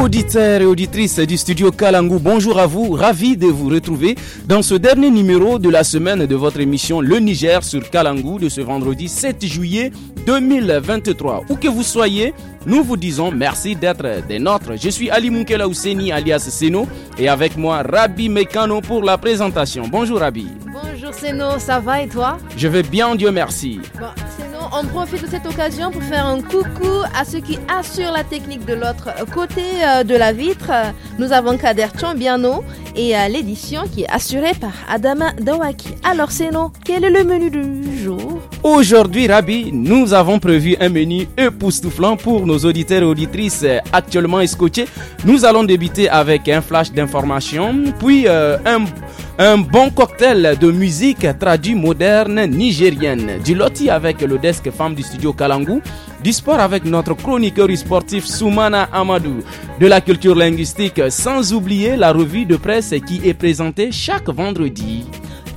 auditeurs et auditrices du studio Kalangu, bonjour à vous, ravi de vous retrouver dans ce dernier numéro de la semaine de votre émission Le Niger sur Kalangu de ce vendredi 7 juillet 2023. Où que vous soyez, nous vous disons merci d'être des nôtres. Je suis Ali Moukela Ouseni alias Seno et avec moi Rabi Mekano pour la présentation. Bonjour Rabi. Bonjour Seno, ça va et toi Je vais bien, Dieu merci. Bon, on profite de cette occasion pour faire un coucou à ceux qui assurent la technique de l'autre côté euh, de la vitre. Nous avons Kader Chambiano et euh, l'édition qui est assurée par Adama Dawaki. Alors Seno, quel est le menu du jour Aujourd'hui Rabi, nous avons prévu un menu époustouflant pour nos auditeurs et auditrices euh, actuellement escotés. Nous allons débuter avec un flash d'informations, puis un un bon cocktail de musique traduit moderne nigérienne. Du loti avec le desk femme du studio Kalangu. Du sport avec notre chroniqueur sportif Soumana Amadou. De la culture linguistique, sans oublier la revue de presse qui est présentée chaque vendredi.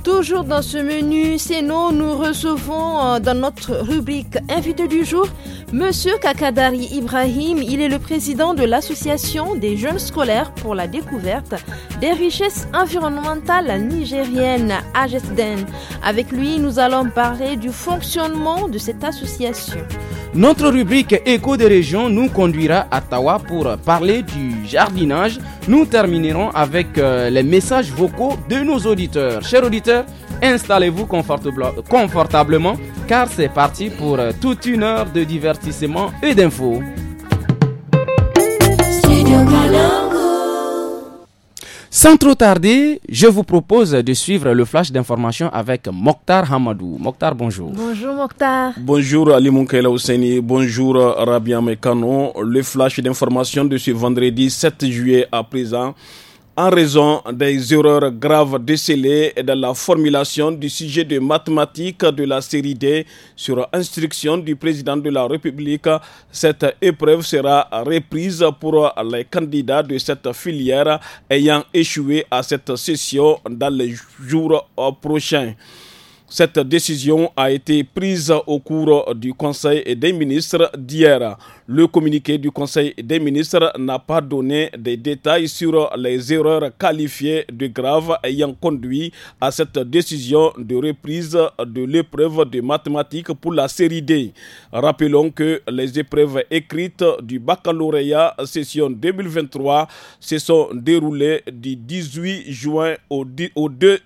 Toujours dans ce menu, c'est nous, nous recevons euh, dans notre rubrique invité du jour Monsieur Kakadari Ibrahim. Il est le président de l'association des jeunes scolaires pour la découverte des richesses environnementales nigériennes, AGESDEN. Avec lui, nous allons parler du fonctionnement de cette association. Notre rubrique Écho des régions nous conduira à Tawa pour parler du jardinage. Nous terminerons avec euh, les messages vocaux de nos auditeurs. Chers auditeurs, installez-vous confortablement car c'est parti pour euh, toute une heure de divertissement et d'infos. Sans trop tarder, je vous propose de suivre le flash d'information avec Mokhtar Hamadou. Mokhtar, bonjour. Bonjour Mokhtar. Bonjour Ali Moukela Ouseni. Bonjour Rabia Mekano. Le flash d'information de ce vendredi 7 juillet à présent en raison des erreurs graves décelées dans la formulation du sujet de mathématiques de la série D sur instruction du président de la République. Cette épreuve sera reprise pour les candidats de cette filière ayant échoué à cette session dans les jours prochains. Cette décision a été prise au cours du Conseil des ministres d'hier. Le communiqué du Conseil des ministres n'a pas donné des détails sur les erreurs qualifiées de graves ayant conduit à cette décision de reprise de l'épreuve de mathématiques pour la série D. Rappelons que les épreuves écrites du baccalauréat session 2023 se sont déroulées du 18 juin au 2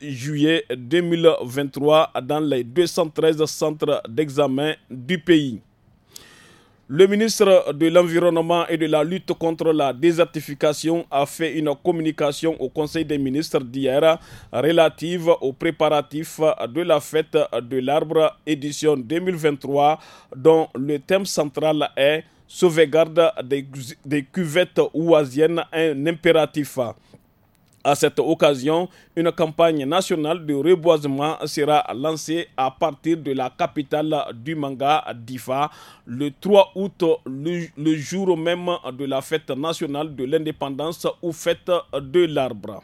juillet 2023 dans les 213 centres d'examen du pays. Le ministre de l'Environnement et de la lutte contre la désertification a fait une communication au Conseil des ministres d'hier relative aux préparatifs de la fête de l'arbre édition 2023 dont le thème central est Sauvegarde des, cuvettes oisiennes, un impératif. À cette occasion, une campagne nationale de reboisement sera lancée à partir de la capitale du manga Difa le 3 août, le jour même de la fête nationale de l'indépendance ou fête de l'arbre.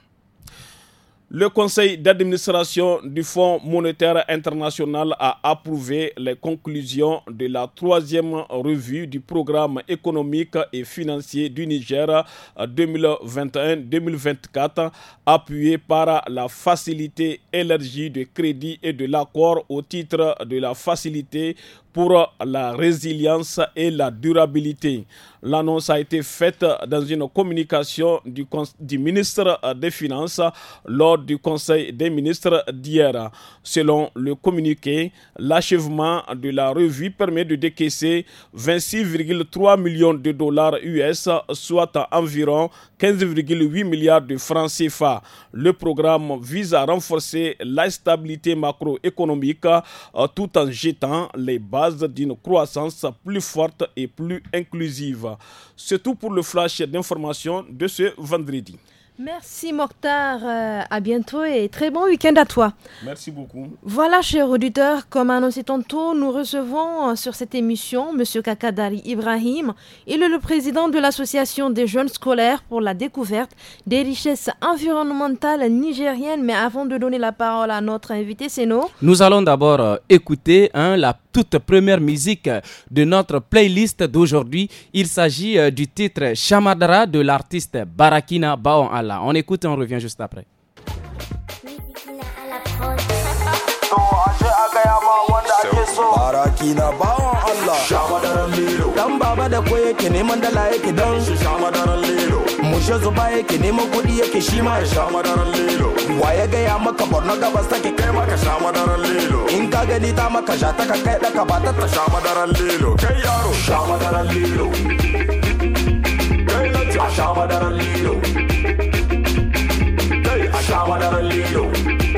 Le conseil d'administration du Fonds monétaire international a approuvé les conclusions de la troisième revue du programme économique et financier du Niger 2021-2024, euh, appuyé par la facilité élargie de crédit et de l'accord au titre de la facilité pour la résilience et la durabilité. L'annonce a été faite dans une communication du, ministre des Finances lors du Conseil des ministres d'hier. Selon le communiqué, l'achèvement de la revue permet de décaisser 26,3 millions de dollars US, soit environ 15,8 milliards de francs CFA. Le programme vise à renforcer la stabilité macroéconomique tout en jetant les bases d'une croissance plus forte et plus inclusive. C'est tout pour le flash d'information de ce vendredi. Merci Mokhtar, euh, à bientôt et très bon week-end à toi. Merci beaucoup. Voilà, chers auditeurs, comme annoncé tantôt, nous recevons euh, sur cette émission M. Kakadari Ibrahim. Il est le président de l'Association des jeunes scolaires pour la découverte des richesses environnementales nigériennes. Mais avant de donner la parole à notre invité, c'est nous Nous allons d'abord euh, écouter un hein, la toute première musique de notre playlist d'aujourd'hui. Il s'agit euh, du titre Chamadara de l'artiste Barakina Baon On écoute et on revient juste après. baraki na bawan Allah shama daren lilo dan baba da ko yake neman dala yake dan shi shama daren lilo mushe zuba yake neman kuɗi yake shi ma ya shama daren lilo waye gaya maka borno gabas take kai maka shama daren lilo in ka gani ta maka sha ta ka kai daka ba ta shama daren lilo kai yaro shama daren lilo kai lati shama daren lilo kai a shama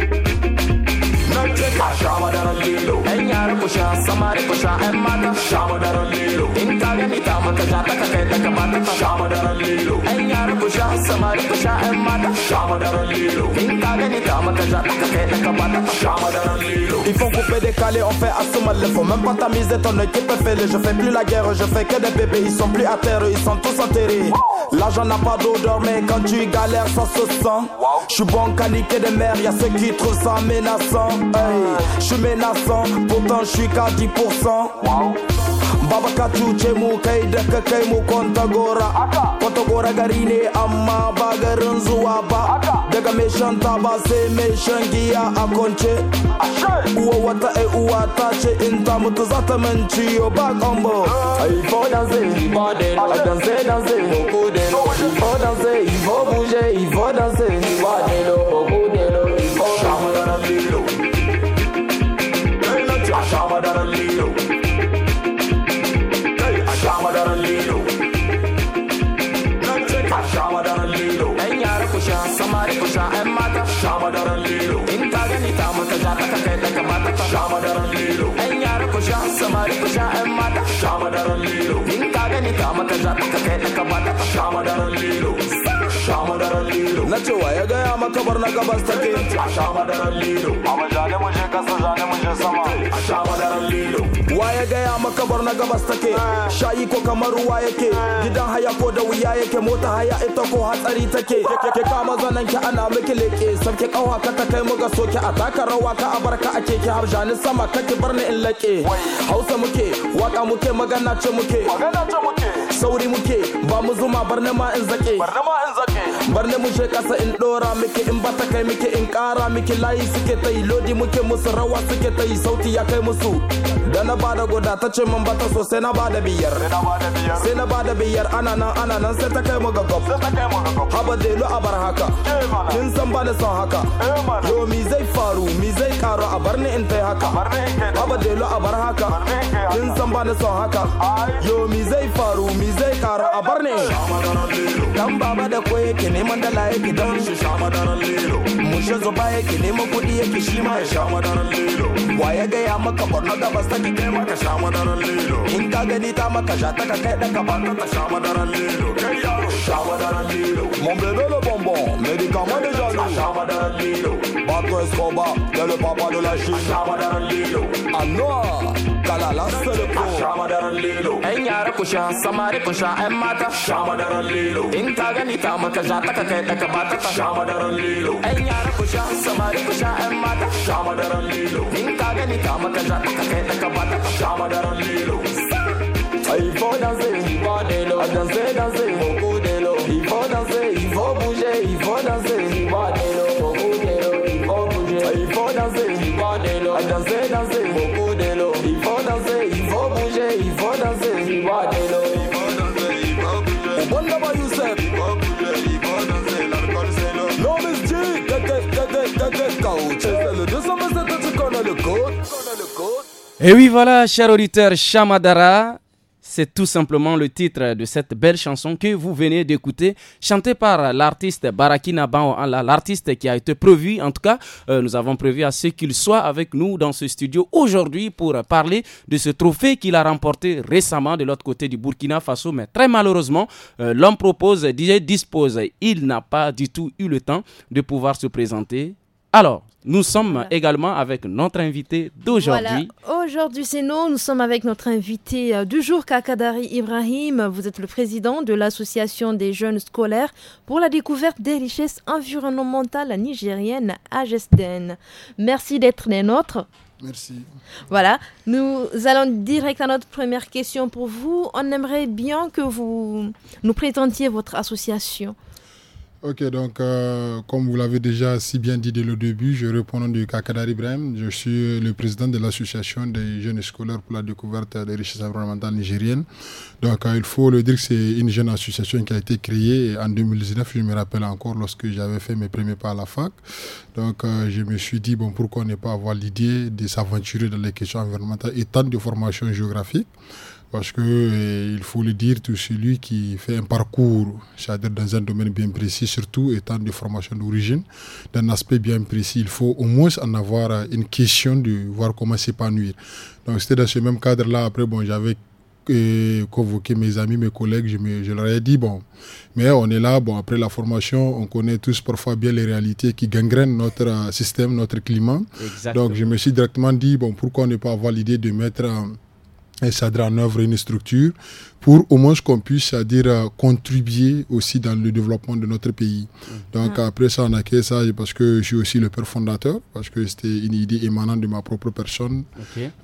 Shama da lilo En yara ku sha samari ku sha en mata Shama da lilo In ka gani ta ka kai ka bata Shama da lilo En yara ku samari ku sha en Shama lilo ka ta ka kai ka bata Shama da lilo Ils font couper calés, on fait assomal le font même pas ta mise et ton équipe est fêlée Je fais plus la guerre, je fais que des bébés, ils sont plus à terre, ils sont tous enterrés L'argent n'a pas d'odeur, mais quand tu galères, ça se sent. Je suis bon qu'à niquer des mères, y'a ceux qui trouvent ça menaçant. Hey, je suis menaçant, pourtant je suis qu'à 10%. baba ka cuce mu kai da ka kai mu kwantagora kwantagora gari ne amma ba garin zuwa ba daga mai shan taba sai mai shan giya a kwance uwa wata ai uwa ta ce in ta mutu za ta min ciyo ba kombo ai fo danse ba den ai danse danse ko den fo danse fo buje fo danse ba den ko oh, den oh, fo shamadara lilo Shamadara lilo na cewa ya gaya maka bar na gabas take a sha lilo a majalimu mujhe kasa kabar na gabas take shayi ko kamar ruwa yake gidan haya ko da wuya yake mota haya ita ko hatsari take ke kama zanen ki ana miki leke sarki kawa ka ta kai mu ga soke a taka rawa ka a barka a keke har jani sama kake barni in lake hausa muke waka muke magana ce muke magana ce muke sauri muke ba mu zuma bar ma in zake bar mu je kasa in dora muke in ba ta kai muke in kara muke layi suke ta yi lodi muke musu rawa suke ta yi sauti ya kai musu da na bada guda ta ce man bata so sai na bada biyar sai na bada biyar ana nan ana nan sai ta kai mu gagab haba delu a bar haka kin san ba da son haka yo mi zai faru mi zai karu a barni in tai haka haba delu a bar haka kin san ba da son haka yo mi zai faru mi mi zai karu a bar dan baba da ko yake neman dala yake dan shi sha madaran lero mu shi zuba yake neman kudi yake shi ma ya sha madaran lero wa ya gaya maka borno gabas take kai maka sha madaran lero in ka gani ta maka sha ta ka kai da ka ba ka sha madaran lero kai yaro sha madaran lero mon bébé le bonbon médicament déjà lourd sha madaran lero Pablo Escobar, t'es le papa de la Chine. Anoa, Kalala, c'est le pro. samari In ta gani ta maka ja ta bata ta. Yan yara ku samari In ta gani Il faut danser, il faut danser, danser, danser, beaucoup de l'eau. Il faut danser, il faut bouger, il faut danser, il faut danser. Et oui, voilà, cher auditeur, Chamadara. C'est tout simplement le titre de cette belle chanson que vous venez d'écouter, chantée par l'artiste Barakina Bao, hein, l'artiste qui a été prévu, en tout cas, euh, nous avons prévu à ce qu'il soit avec nous dans ce studio aujourd'hui pour parler de ce trophée qu'il a remporté récemment de l'autre côté du Burkina Faso. Mais très malheureusement, euh, l'homme propose, DJ dispose, il n'a pas du tout eu le temps de pouvoir se présenter. Alors, nous sommes également avec notre invité d'aujourd'hui. Voilà. Aujourd'hui, c'est nous. Nous sommes avec notre invité euh, du jour, Kakadari Ibrahim. Vous êtes le président de l'Association des jeunes scolaires pour la découverte des richesses environnementales nigériennes, Gesten. Merci d'être les nôtres. Merci. Voilà, nous allons direct à notre première question pour vous. On aimerait bien que vous nous présentiez votre association. Ok, donc euh, comme vous l'avez déjà si bien dit dès le début, je réponds du Kakadari Ibrahim. Je suis le président de l'association des jeunes scolaires pour la découverte des richesses environnementales nigériennes. Donc euh, il faut le dire que c'est une jeune association qui a été créée en 2019. Je me rappelle encore lorsque j'avais fait mes premiers pas à la fac. Donc euh, je me suis dit, bon, pourquoi ne pas avoir l'idée de s'aventurer dans les questions environnementales et tant de formations géographiques parce que eh, il faut le dire, tout celui qui fait un parcours, c'est-à-dire dans un domaine bien précis, surtout étant de formation d'origine, d'un aspect bien précis, il faut au moins en avoir euh, une question de voir comment s'épanouir. Donc c'était dans ce même cadre-là. Après, bon, j'avais eh, convoqué mes amis, mes collègues, je, leur ai dit, bon, mais on est là, bon, après la formation, on connaît tous parfois bien les réalités qui gangrènent notre euh, système, notre climat. Donc je me suis directement dit, bon, pourquoi ne pas avoir l'idée de mettre... Euh, et Sadra en œuvre une structure pour au moins qu'on puisse à dire euh, contribuer aussi dans le développement de notre pays. Donc ah. après ça, on a créé ça parce que je suis aussi le père fondateur, parce que c'était une idée émanant de ma propre personne,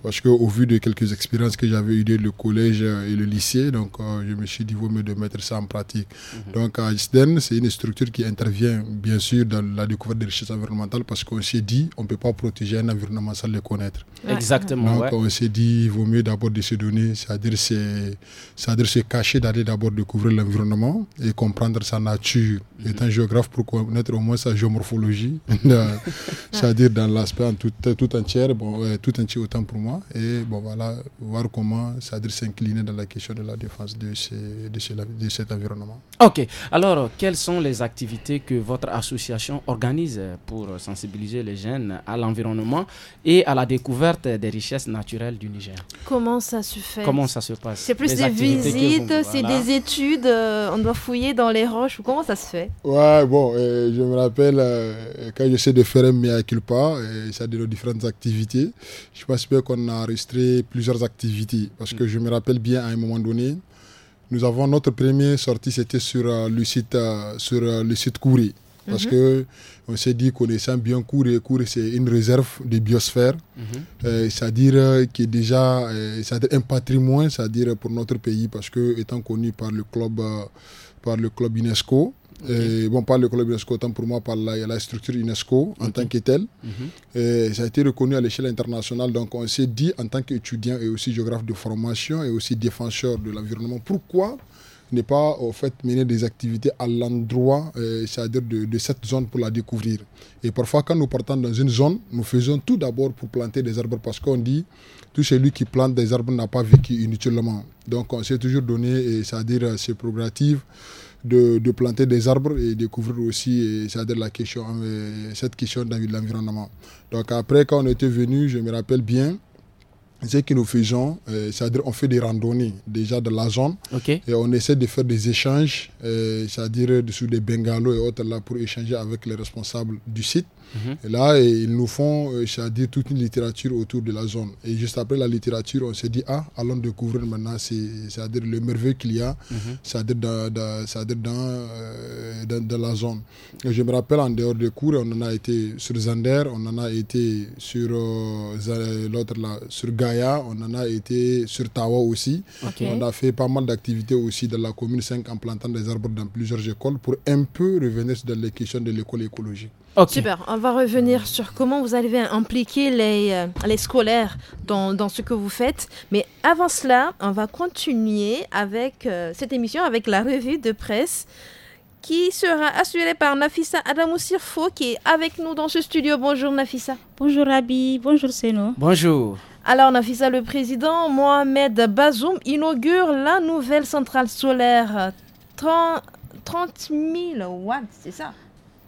parce que au vu de quelques expériences que j'avais eues le collège euh, et le lycée, donc euh, je me suis dit vaut mieux de mettre ça en pratique. Mhm. Donc à ISDEN, c'est une structure qui intervient bien sûr dans la découverte des richesses environnementales parce qu'on s'est dit on ne peut pas protéger un environnement sans le connaître. Exactement. Donc on s'est dit vaut mieux d'abord de se donner, c'est-à-dire c'est c'est-à-dire se cacher d'aller d'abord découvrir l'environnement et comprendre sa nature. Mhm. Étant géographe, pour connaître au moins sa géomorphologie, c'est-à-dire dans l'aspect en tout, entière entier, bon, tout entier autant pour moi, et bon voilà, voir comment, cest à s'incliner dans la question de la défense de cet environnement. Ok. Alors, quelles sont les activités que votre association organise pour sensibiliser les jeunes à l'environnement et à la découverte des richesses naturelles du Niger Comment ça se fait Comment ça se passe C'est plus des visites, c'est des études, euh, on doit fouiller dans les roches ou comment ça se fait Ouais, bon, euh, je me rappelle euh, quand j'essaie de faire un mea culpa, c'est-à-dire différentes activités, je pense bien qu'on a enregistré plusieurs activités parce que mm. je me rappelle bien à un moment donné, nous avons notre première sortie, c'était sur euh, le site, euh, sur euh, le site Parce qu'on mhm. que s'est dit, connaissant bien Kouré, Kouré c'est une réserve de biosphère, mhm. c'est-à-dire qui est déjà un patrimoine, c'est-à-dire pour notre pays, parce que étant connu par le club, par le club UNESCO, bon, par le club UNESCO, tant pour moi, par la, structure UNESCO en tant que telle. Mhm. ça a été reconnu à l'échelle internationale. Donc, on s'est dit, en tant qu'étudiant et aussi géographe de formation et aussi défenseur de l'environnement, pourquoi ne pas au fait mener des activités à l'endroit, euh, c'est-à-dire de, cette zone pour la découvrir. Et parfois, quand nous partons dans une zone, nous faisons tout d'abord pour planter des arbres parce qu'on dit tout celui qui plante des arbres n'a pas vécu inutilement. Donc, on s'est toujours donné, c'est-à-dire c'est euh, progressif de, planter des arbres et découvrir aussi la question, euh, cette question de l'environnement. Donc après, quand on était venu, je me rappelle bien, ce que nous faisons, euh, c'est-à-dire on fait des randonnées déjà de la zone et on essaie de faire des échanges, euh, c'est-à-dire sur des bengalos et autres là pour échanger avec les responsables du site. Et là, ils nous font euh, dit toute une littérature autour de la zone. Et juste après la littérature, on s'est dit, ah, allons découvrir maintenant, c'est-à-dire le merveilleux qu'il y a, mhm. c'est-à-dire euh, dans, la zone. je me rappelle, en dehors des cours, on en a été sur Zander, on en a été sur euh, l'autre sur Gaïa, on en a été sur Tawa aussi. On a fait pas mal d'activités aussi dans la commune 5 en plantant des arbres dans plusieurs écoles pour un peu revenir sur les questions de l'école écologique. Super. On va revenir sur comment vous allez impliquer les, euh, les scolaires dans, ce que vous faites. Mais avant cela, on va continuer avec euh, cette émission, avec la revue de presse qui sera assurée par Nafissa Adamou qui est avec nous dans ce studio. Bonjour Nafissa. Bonjour Rabi. Bonjour Seno. Bonjour. Alors, Nafissa, le président Mohamed Bazoum inaugure la nouvelle centrale solaire 30, 30 000 watts, c'est ça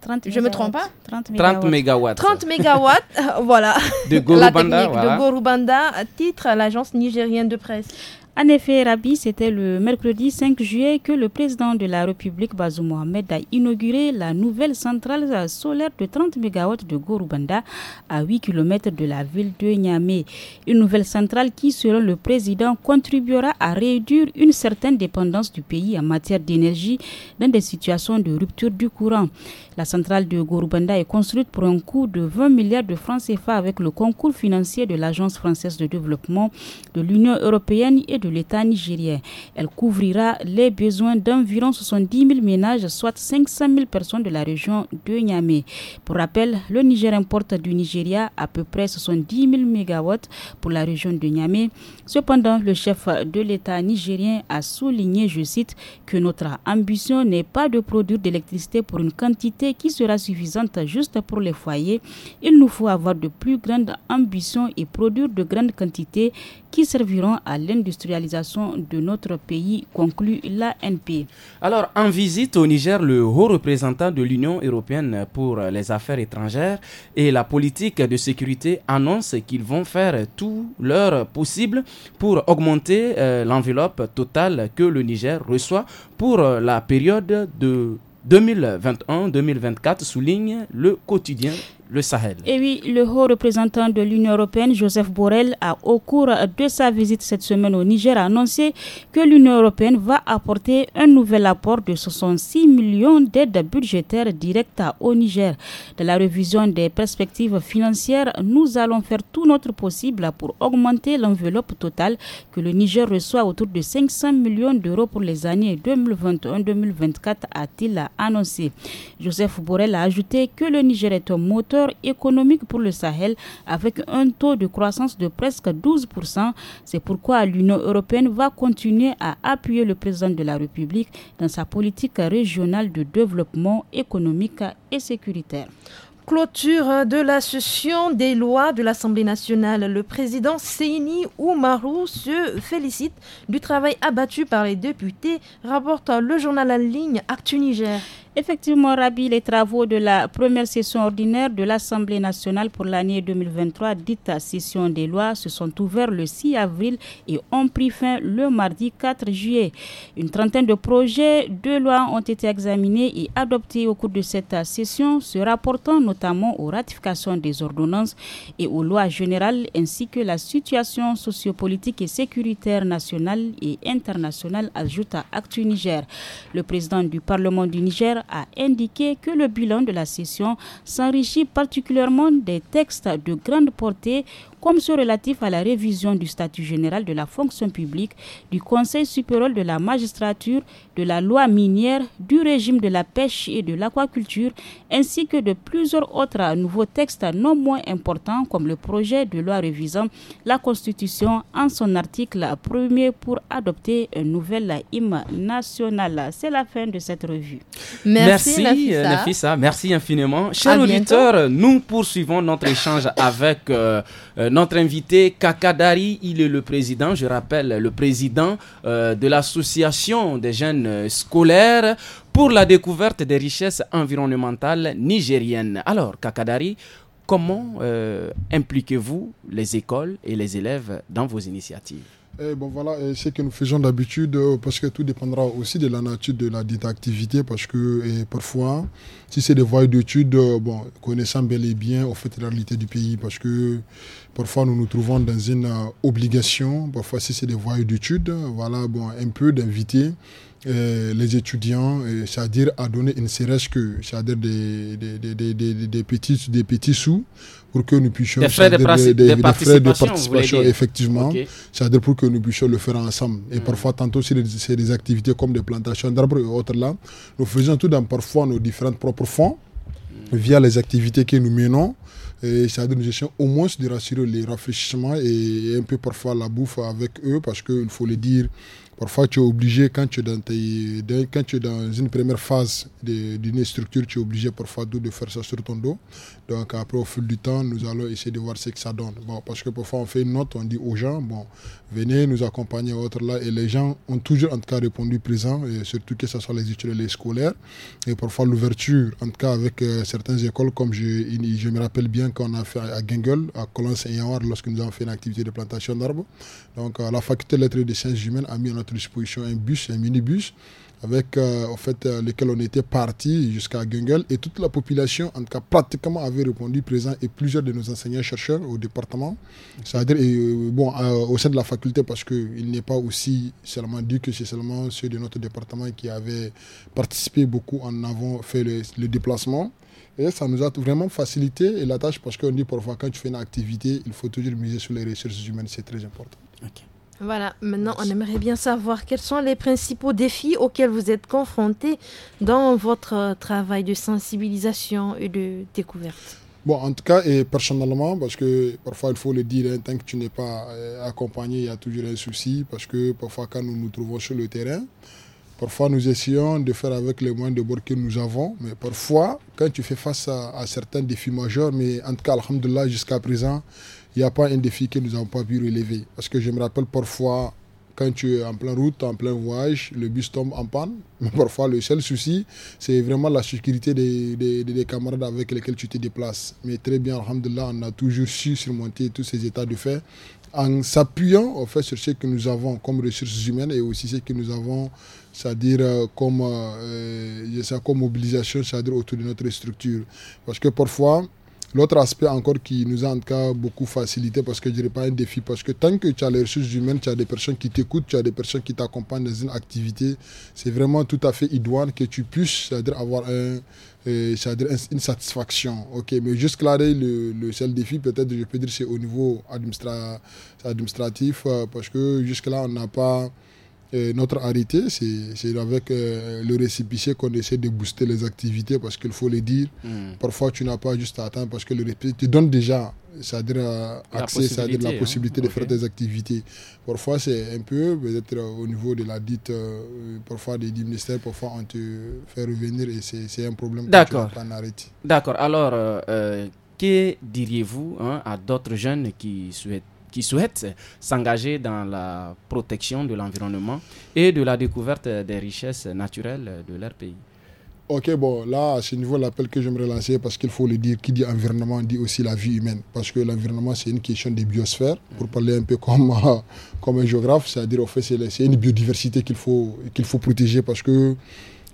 30 je me trompe pas 30 mégawatts. 30 mégawatts, voilà. De Gorubanda. de Gorubanda, euh, titre l'agence nigérienne de presse. En effet, Rabi, c'était le mercredi 5 juillet que le président de la République, Bazou Mohamed, a inauguré la nouvelle centrale solaire de 30 MW de Gorubanda, à 8 km de la ville de Niamey. Une nouvelle centrale qui, selon le président, contribuera à réduire une certaine dépendance du pays en matière d'énergie dans des situations de rupture du courant. La centrale de Gorubanda est construite pour un coût de 20 milliards de francs CFA avec le concours financier de l'Agence française de développement, de l'Union européenne et de l'État nigérien. Elle couvrira les besoins d'environ 70 000 ménages, soit 500 000 personnes de la région de Niamey. Pour rappel, le Niger importe du Nigeria à peu près 70 000 MW pour la région de Niamey. Cependant, le chef de l'État nigérien a souligné, je cite, que notre ambition n'est pas de produire d'électricité pour une quantité qui sera suffisante juste pour les foyers. Il nous faut avoir de plus grandes ambitions et produire de grandes quantités qui serviront à l'industrialisation de notre pays, conclut l'ANP. Alors, en visite au Niger, le haut représentant de l'Union européenne pour les affaires étrangères et la politique de sécurité annonce qu'ils vont faire tout leur possible pour augmenter euh, l'enveloppe totale que le Niger reçoit pour euh, la période de 2021-2024, souligne le quotidien le Sahel. Et oui, le haut représentant de l'Union européenne, Joseph Borrell, a au cours de sa visite cette semaine au Niger annoncé que l'Union européenne va apporter un nouvel apport de 66 millions d'aides budgétaires directes au Niger. Dans la révision des perspectives financières, nous allons faire tout notre possible pour augmenter l'enveloppe totale que le Niger reçoit autour de 500 millions d'euros pour les années 2021-2024, a-t-il annoncé. Joseph Borrell a ajouté que le Niger est un moteur économique pour le Sahel avec un taux de croissance de presque 12%. C'est pourquoi l'Union européenne va continuer à appuyer le président de la République dans sa politique régionale de développement économique et sécuritaire. Clôture de la session des lois de l'Assemblée nationale. Le président Seini Oumarou se félicite du travail abattu par les députés, rapporte le journal en ligne Actu Niger. Effectivement, Rabi, les travaux de la première session ordinaire de l'Assemblée nationale pour l'année 2023, dite session des lois, se sont ouverts le 6 avril et ont pris fin le mardi 4 juillet. Une trentaine de projets de loi ont été examinés et adoptés au cours de cette session, se rapportant notamment aux ratifications des ordonnances et aux lois générales, ainsi que la situation sociopolitique et sécuritaire nationale et internationale, ajoute à Actu Niger. Le président du Parlement du Niger, a indiqué que le bilan de la session s'enrichit particulièrement des textes de grande portée comme ceux relatifs à la révision du statut général de la fonction publique, du Conseil supérieur de la magistrature, de la loi minière, du régime de la pêche et de l'aquaculture, ainsi que de plusieurs autres nouveaux textes non moins importants comme le projet de loi révisant la Constitution en son article premier pour adopter un nouvel hymne national. C'est la fin de cette revue. Merci, Merci euh, Merci infiniment. Chers auditeurs, nous poursuivons notre échange avec euh, euh, notre invité Kakadari. Il est le président, je rappelle, le président de l'association des jeunes scolaire pour la découverte des richesses environnementales nigériennes. Alors, Kakadari, comment euh, impliquez-vous les écoles et les élèves dans vos initiatives eh bon, voilà, eh, ce que nous faisons d'habitude, euh, parce que tout dépendra aussi de la nature de la activité, parce que eh, parfois, si c'est des voies d'études, euh, bon, connaissant bel et bien les fait la réalité du pays, parce que parfois nous nous trouvons dans une euh, obligation, parfois si c'est des voies d'études, voilà, bon, un peu d'inviter euh, les étudiants, c'est-à-dire à donner une serait que, c'est-à-dire des, petits, des petits sous pour que nous puissions des frais de, participation, effectivement, c'est-à-dire pour que nous puissions le faire ensemble. Et hmm. parfois, tantôt, c'est des activités comme des plantations d'arbres et autres là. Nous faisons tout dans parfois nos différentes propres fond via les activités que nous menons. Et ça donne une gestion au moins de rassurer les rafraîchissements et un peu parfois la bouffe avec eux parce qu'il faut le dire, parfois tu es obligé quand tu es dans, quand tu es dans une première phase d'une structure, tu es obligé parfois de faire ça sur ton dos. Donc après, au fil du temps, nous allons essayer de voir ce que ça donne. Bon, parce que parfois, on fait une note, on dit aux gens, bon, venez nous accompagner, autres là. Et les gens ont toujours, en tout cas, répondu présent, et surtout que ce soit les étudiants les scolaires. Et parfois, l'ouverture, en tout cas, avec euh, certaines écoles, comme je, je me rappelle bien qu'on a fait à Gengel, à et saint lorsque nous avons fait une activité de plantation d'arbres. Donc, euh, la faculté de lettres et de sciences humaines a mis à notre disposition un bus, un minibus avec en euh, fait, euh, lequel on était parti jusqu'à Gungel. Et toute la population, en tout cas pratiquement, avait répondu présent et plusieurs de nos enseignants-chercheurs au département, c'est-à-dire euh, bon, au sein de la faculté, parce qu'il n'est pas aussi seulement dit que c'est seulement ceux de notre département qui avaient participé beaucoup en avant, fait le, déplacement. Et ça nous a vraiment facilité la tâche parce qu'on dit parfois quand tu fais une activité, il faut toujours miser sur les ressources humaines, c'est très important. Voilà, maintenant on aimerait bien savoir quels sont les principaux défis auxquels vous êtes confrontés dans votre euh, travail de sensibilisation et de découverte. Bon, en tout cas, et personnellement, parce que parfois il faut le dire, hein, tant que tu n'es pas euh, accompagné, il y a toujours un souci, parce que parfois quand nous nous trouvons sur le terrain, Parfois, nous essayons de faire avec les moyens de bord que nous avons, mais parfois, quand tu fais face à, certains défis majeurs, mais en tout cas, Alhamdulillah jusqu'à présent, il n'y a pas un défi que nous n'avons pas pu relever. Parce que je me rappelle parfois, quand tu es en plein route, en plein voyage, le bus tombe en panne. parfois, le seul souci, c'est vraiment la sécurité des, camarades avec lesquels tu te déplaces. Mais très bien, Alhamdulillah, on a toujours su surmonter tous ces états de fait en s'appuyant au fait sur ce que nous avons comme ressources humaines et aussi ce que nous avons, c'est-à-dire euh, comme, euh, comme mobilisation, c'est-à-dire autour de notre structure. Parce que parfois, L'autre aspect encore qui nous a en tout cas beaucoup facilité, parce que je dirais pas un défi, parce que tant que tu as les ressources humaines, tu as des personnes qui t'écoutent, tu as des personnes qui t'accompagnent dans une activité, c'est vraiment tout à fait idoine que tu puisses, avoir euh, une satisfaction. Ok, mais jusque-là, le, seul défi, peut-être, je peux dire, c'est au niveau administratif, euh, parce que jusque-là, on n'a pas notre arrêté, c'est avec euh, le récépissé qu'on essaie de booster les activités parce qu'il faut le dire. Hmm. Parfois, tu n'as pas juste à attendre parce que le récépissé te donne déjà c'est-à-dire euh, accès, c'est-à-dire la hein. possibilité de faire des activités. Parfois, c'est un peu, peut-être euh, au niveau de la dite, parfois des, ministères, parfois on te fait revenir et c'est un problème D'accord. D'accord. Alors, que diriez-vous hein, à d'autres jeunes qui souhaitent qui souhaitent s'engager dans la protection de l'environnement et de la découverte des richesses naturelles de leur pays. Ok, bon, là, à ce niveau, l'appel que j'aimerais lancer, parce qu'il faut le dire, qui dit environnement dit aussi la vie humaine. Parce que l'environnement, c'est une question de biosphère, pour parler un peu comme, comme un géographe, c'est-à-dire, au fait, c'est une biodiversité qu'il faut, qu'il faut protéger parce que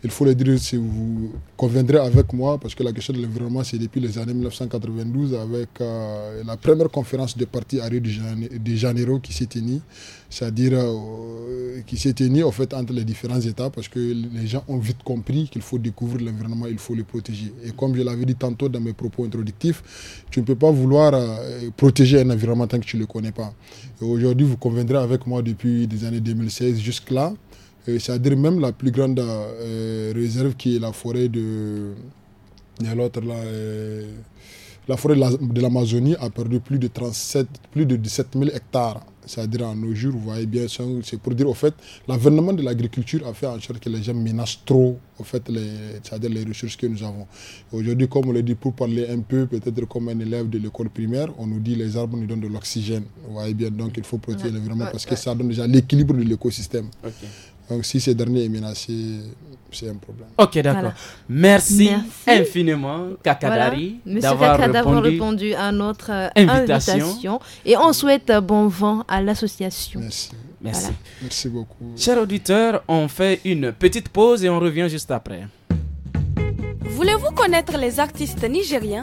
il faut le dire si vous conviendrez avec moi, parce que la question de l'environnement, c'est depuis les années 1992, avec euh, la première conférence de parti à Rio de Janeiro qui s'est tenue, c'est-à-dire euh, qui s'est tenue en fait entre les différents États, parce que les gens ont vite compris qu'il faut découvrir l'environnement, il faut le protéger. Et comme je l'avais dit tantôt dans mes propos introductifs, tu ne peux pas vouloir euh, protéger un environnement tant que tu ne le connais pas. Aujourd'hui, vous conviendrez avec moi depuis les années 2016 jusqu'à là, c'est-à-dire même la plus grande euh, réserve qui est la forêt de. l'autre là euh, la forêt de l'Amazonie a perdu plus de 37, plus de 17 000 hectares. C'est-à-dire en nos jours, vous voyez bien, c'est pour dire au fait, l'avènement de l'agriculture a fait en sorte que les gens menacent trop, au fait, c'est-à-dire les ressources que nous avons. Aujourd'hui, comme on le dit, pour parler un peu, peut-être comme un élève de l'école primaire, on nous dit les arbres nous donnent de l'oxygène. Vous voyez bien, donc il faut protéger l'environnement parce que ça donne déjà l'équilibre de l'écosystème. Donc si ces dernier est c'est un problème. Ok, d'accord. Merci, infiniment, Kakadari, d'avoir répondu, à notre euh, invitation. Et on souhaite euh, bon vent à l'association. Merci. Merci. Merci beaucoup. Chers auditeurs, on fait une petite pause et on revient juste après. Voulez-vous connaître les artistes nigériens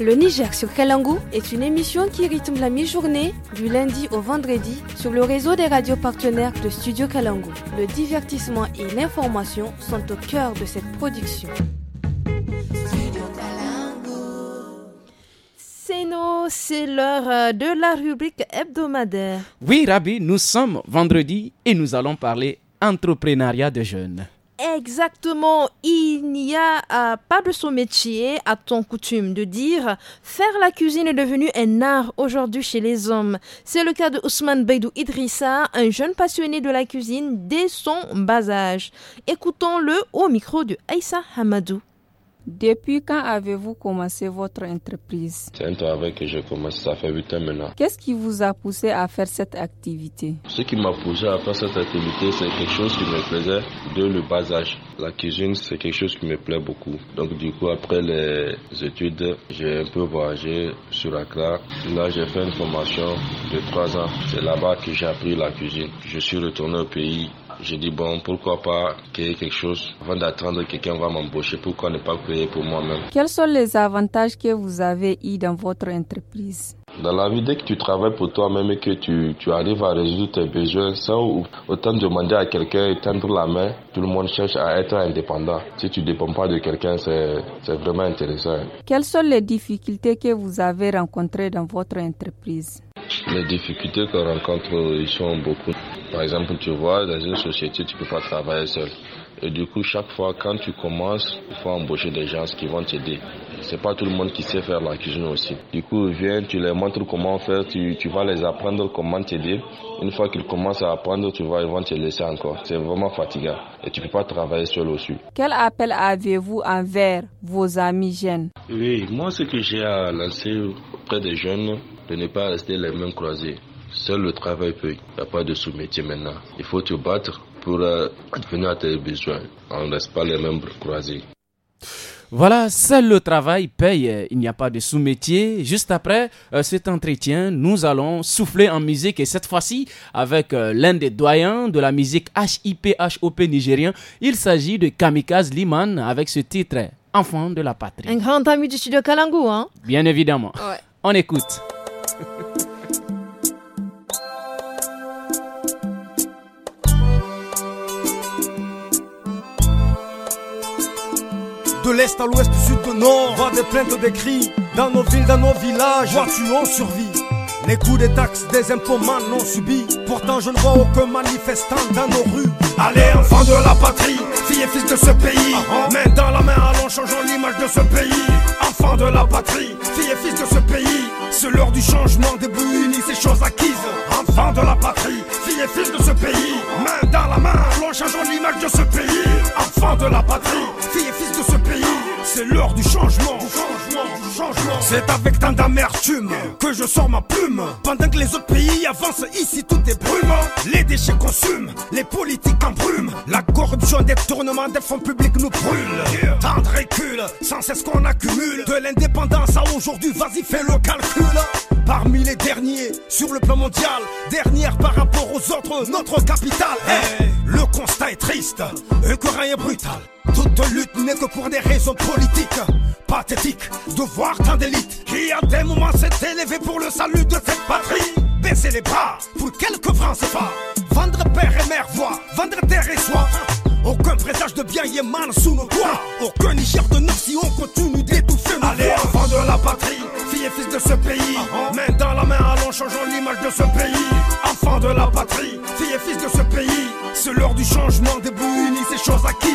Le Niger sur Kalangu est une émission qui rythme la mi-journée du lundi au vendredi sur le réseau des radios partenaires de Studio Kalangu. Le divertissement et l'information sont au cœur de cette production. c'est l'heure euh, de la rubrique hebdomadaire. Oui, Rabi, nous sommes vendredi et nous allons parler entrepreneuriat de jeunes. Exactement, il n'y a euh, pas de son métier, à ton coutume de dire. Faire la cuisine est devenu un art aujourd'hui chez les hommes. C'est le cas de Ousmane Beidou Idrissa, un jeune passionné de la cuisine dès son bas âge. Écoutons-le au micro de Aïssa Hamadou. Depuis quand avez-vous commencé votre entreprise C'est un travail que j'ai commencé, ça fait 8 ans maintenant. Qu'est-ce qui vous a poussé à faire cette activité Ce qui m'a poussé à faire cette activité, c'est quelque chose qui me plaisait de le bas âge. La cuisine, c'est quelque chose qui me plaît beaucoup. Donc du coup, après les études, j'ai un peu voyagé sur Accra. Là, j'ai fait une formation de 3 ans. C'est là-bas que j'ai appris la cuisine. Je suis retourné au pays je dis bon, pourquoi pas créer quelque chose avant d'attendre que quelqu'un va m'embaucher, pourquoi ne pas créer pour moi-même. Quels sont les avantages que vous avez eus dans votre entreprise dans la vie, dès que tu travailles pour toi-même et que tu, arrives à résoudre tes besoins sans autant demander à quelqu'un et la main, tout le monde cherche à être indépendant. Si tu ne dépends pas de quelqu'un, c'est vraiment intéressant. Quelles sont les difficultés que vous avez rencontrées dans votre entreprise les difficultés qu'on rencontre, ils sont beaucoup. Par exemple, tu vois, dans une société, tu ne peux pas travailler seul. Et du coup, chaque fois, quand tu commences, il faut embaucher des gens qui vont t'aider. C'est pas tout le monde qui sait faire la cuisine aussi. Du coup, viens, tu les montres comment faire, tu, tu vas les apprendre comment t'aider. Une fois qu'ils commencent à apprendre, tu vas, ils vont te laisser encore. C'est vraiment fatigant et tu peux pas travailler seul aussi. Quel appel avez-vous envers vos amis jeunes Oui, moi ce que j'ai à lancer auprès des jeunes, de ne pas rester les mêmes croisés. Seul le travail peut. Il n'y a pas de sous-métier maintenant. Il faut te battre pour euh, venir à tes besoins. On ne laisse pas les mêmes croisés. Voilà, seul le travail paye, il n'y a pas de sous-métier. Juste après euh, cet entretien, nous allons souffler en musique et cette fois-ci avec euh, l'un des doyens de la musique HIPHOP nigérien. Il s'agit de Kamikaze Liman avec ce titre Enfant de la patrie. Un grand ami du studio Kalangu, hein Bien évidemment. On écoute. l'est à l'ouest, sud au nord. voit des plaintes, des cris, dans nos villes, dans nos villages. Vois-tu, on survit. Les coûts des taxes, des impôts mal non subis. Pourtant, je ne vois aucun manifestant dans nos rues. Allez, enfants de la patrie, filles et fils de ce pays. Uh-huh. Mets dans la main, allons changeons l'image de ce pays. Enfants de la patrie, filles et fils de ce pays. C'est l'heure du changement, début unis, ces choses acquises. Enfants de la patrie, et fils de ce pays, main dans la main, plongeons l'image de ce pays, Enfants de la patrie, fille et fils de ce pays. C'est l'heure du changement. changement, changement. C'est avec tant d'amertume que je sors ma plume. Pendant que les autres pays avancent, ici tout est brume. Les déchets consument, les politiques embrument. La corruption, tournements, des fonds publics nous brûle. Tant de recul, sans cesse qu'on accumule. De l'indépendance à aujourd'hui, vas-y fais le calcul. Parmi les derniers sur le plan mondial, dernière par rapport aux autres, notre capitale. Eh, le constat est triste, rien est brutal. Toute lutte n'est que pour des raisons politiques. Pathétique de voir tant d'élites qui à des moments s'est élevé pour le salut de cette patrie. Baisser les bras pour quelques francs pas Vendre père et mère voix, vendre terre et soi. Aucun présage de bien y mal sous nos doigts Aucun Niger de nous si on continue d'étouffer nos Allez, enfants de la patrie, filles et fils de ce pays. Uh dans la main, allons changeons l'image de ce pays. Enfants de la patrie, filles et fils de ce pays. C'est l'heure du changement, debout, ni ces choses acquises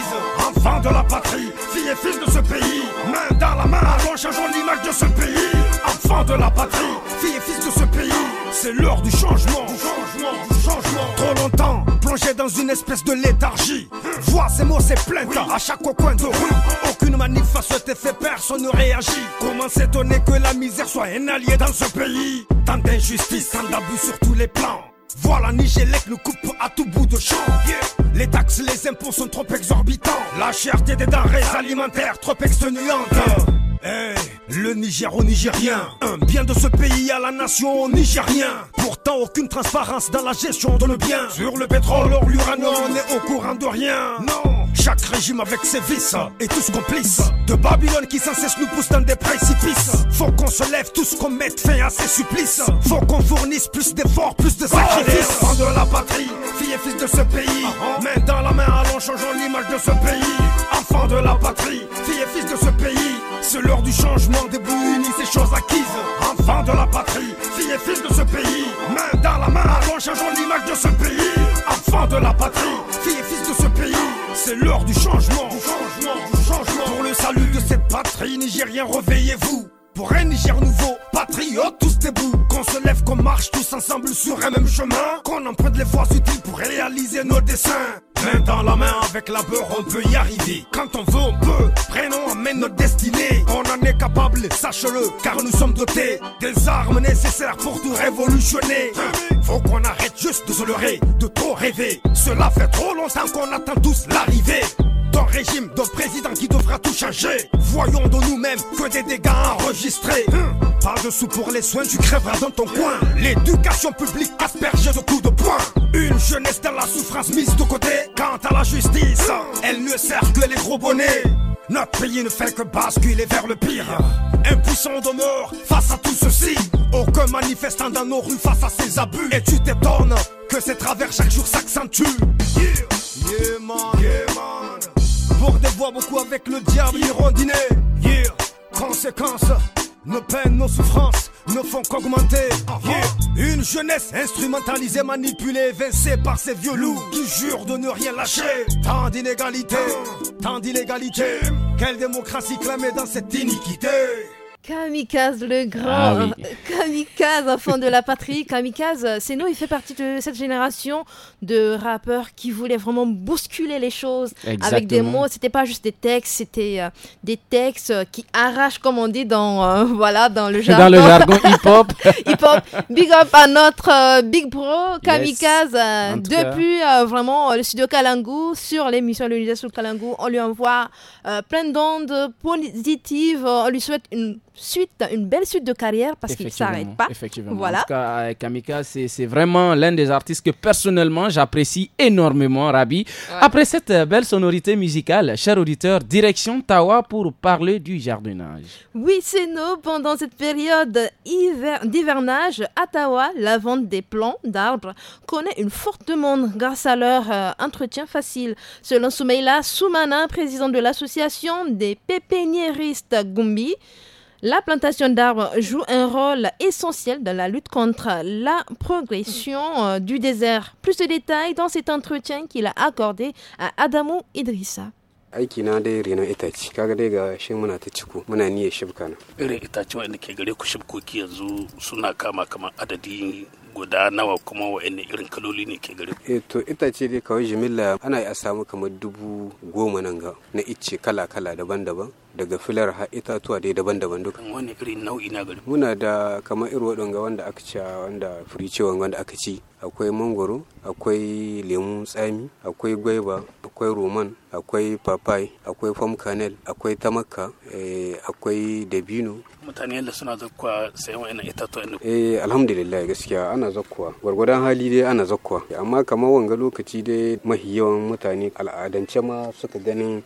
vent de la patrie, fille et fils de ce pays, main dans la main, allons changeons l'image de ce pays. Enfant de la patrie, fille et fils de ce pays, c'est l'heure du changement. changement, changement. Trop longtemps, plongé dans une espèce de léthargie. Vois ces mots, ces plaintes à chaque coin de rue. Aucune manif à cet personne ne réagit. Comment s'étonner que la misère soit un allié dans ce pays Tant d'injustices, tant d'abus sur tous les plans. Voilà Nigélec nous coupe à tout bout de champ. Les taxes, les impôts sont trop exorbitants. La cherté des denrées alimentaires trop extenuante. Eh, le Niger au Nigérien, un bien de ce pays à la nation au Nigérien. Pourtant, aucune transparence dans la gestion de nos biens. Sur le pétrole, or l'uranium, on est au courant de rien. Non. Chaque régime avec ses vices et tous complices. De Babylone qui sans cesse nous pousse dans des précipices. Faut qu'on se lève, tous qu'on mette fin à ces supplices. Faut qu'on fournisse plus d'efforts, plus de sacrifices. Oh, de la patrie, fille et fils de ce pays. Uh-huh. Main dans la main, allons changeons l'image de ce pays. Enfants de la patrie, fille et fils de ce pays. C'est l'heure du changement, des et ces choses acquises. Enfants de la patrie, fille et fils de ce pays. Main dans la main, allons changeons l'image de ce pays. Enfants de la patrie, fille et fils de ce pays. C'est l'heure du changement, du changement, changement. Pour le salut de cette patrie, nigérienne, réveillez-vous pour un Niger nouveau. Patriotes, tous debout, qu'on se lève, qu'on marche tous ensemble sur un même chemin, qu'on emprunte les voies utiles pour réaliser nos dessins Main dans la main avec la beurre on peut y arriver. Quand on veut, on peut. Prenons en main notre destinée. On en est capable, sache-le, car nous sommes dotés des armes nécessaires pour tout révolutionner. Faut qu'on arrête juste de se leurrer, de trop rêver. Cela fait trop longtemps qu'on attend tous l'arrivée un régime de président qui devra tout changer. Voyons de nous-mêmes que des dégâts enregistrés. Hein. Pas de sous pour les soins, tu crèveras dans ton coin. L'éducation publique aspergée de coups de poing. Une jeunesse dans la souffrance mise de côté. Quant à la justice, elle ne sert que les gros bonnets. Notre pays ne fait que basculer vers le pire. Impuissant de mort face à tout ceci. Aucun manifestant dans nos rues face à ces abus. Et tu t'étonnes que ces travers chaque jour s'accentuent. Pour des beaucoup avec le diable irondiné Yeah, conséquence. Nos peines, nos souffrances ne font qu'augmenter. Uh-huh. Une jeunesse instrumentalisée, manipulée, vincée par ces vieux loups qui jurent de ne rien lâcher. Tant d'inégalités, uh-huh. tant d'illégalités. Quelle démocratie clamée dans cette iniquité Kamikaze le grand, ah Kamikaze enfant de la patrie, Kamikaze, c'est nous, il fait partie de cette génération de rappeurs qui voulaient vraiment bousculer les choses avec des mots. C'était pas juste des textes, c'était euh, des textes euh, qui arrachent, comme on dit dans euh, voilà dans le jargon. hip-hop. hip-hop. Big up à notre big bro Kamikaze depuis vraiment le studio Kalangu sur l'émission l'Université Kalangu. On lui envoie euh, plein d'ondes positives. Euh, on lui souhaite une suite, une belle suite de carrière parce qu'il ne s'arrête pas. Effectivement. Euh, Kamika, c'est vraiment l'un des artistes que personnellement j'apprécie énormément, Rabi. Après cette belle sonorité musicale, cher auditeur, direction Tawa pour parler du jardinage. Oui, c'est nous. Pendant cette période d'hivernage, à Tawa, la vente des plants d'arbres connaît une forte demande grâce à leur entretien facile. Selon Soumeila Soumana, président de l'association des pépiniéristes Gumbi, la plantation d'arbres joue un rôle essentiel dans la lutte contre la progression euh, du désert. Plus de détails dans cet entretien qu'il a accordé à Adamou Idrissa. aiki na dai rena itace kaga dai ga shi muna ta ciku muna niyyar shibka na irin itace wanda ke gare ku shibkoki yanzu suna kama kamar adadi guda nawa kuma ne irin kaloli ne ke gare ku eh, to itace dai kawai jimilla ana a samu kamar dubu goma nan ga na icce kala kala daban-daban daga filar har itatuwa dai daban-daban duka wani irin nau'i na gari muna da kamar irin waɗanga wanda aka ci wanda furi ce wanda aka ci akwai mangoro akwai lemun tsami akwai gwaiba akwai roman akwai papai akwai fam kanel, akwai tamaka eh, akwai dabino mutane yadda suna zakkuwa sayan wa'annan itatuwa ne eh alhamdulillah gaskiya ana zakkuwa gwargwadon hali dai ana zakkuwa amma kamar wanga lokaci dai mahi yawan mutane al'adance ma suka ganin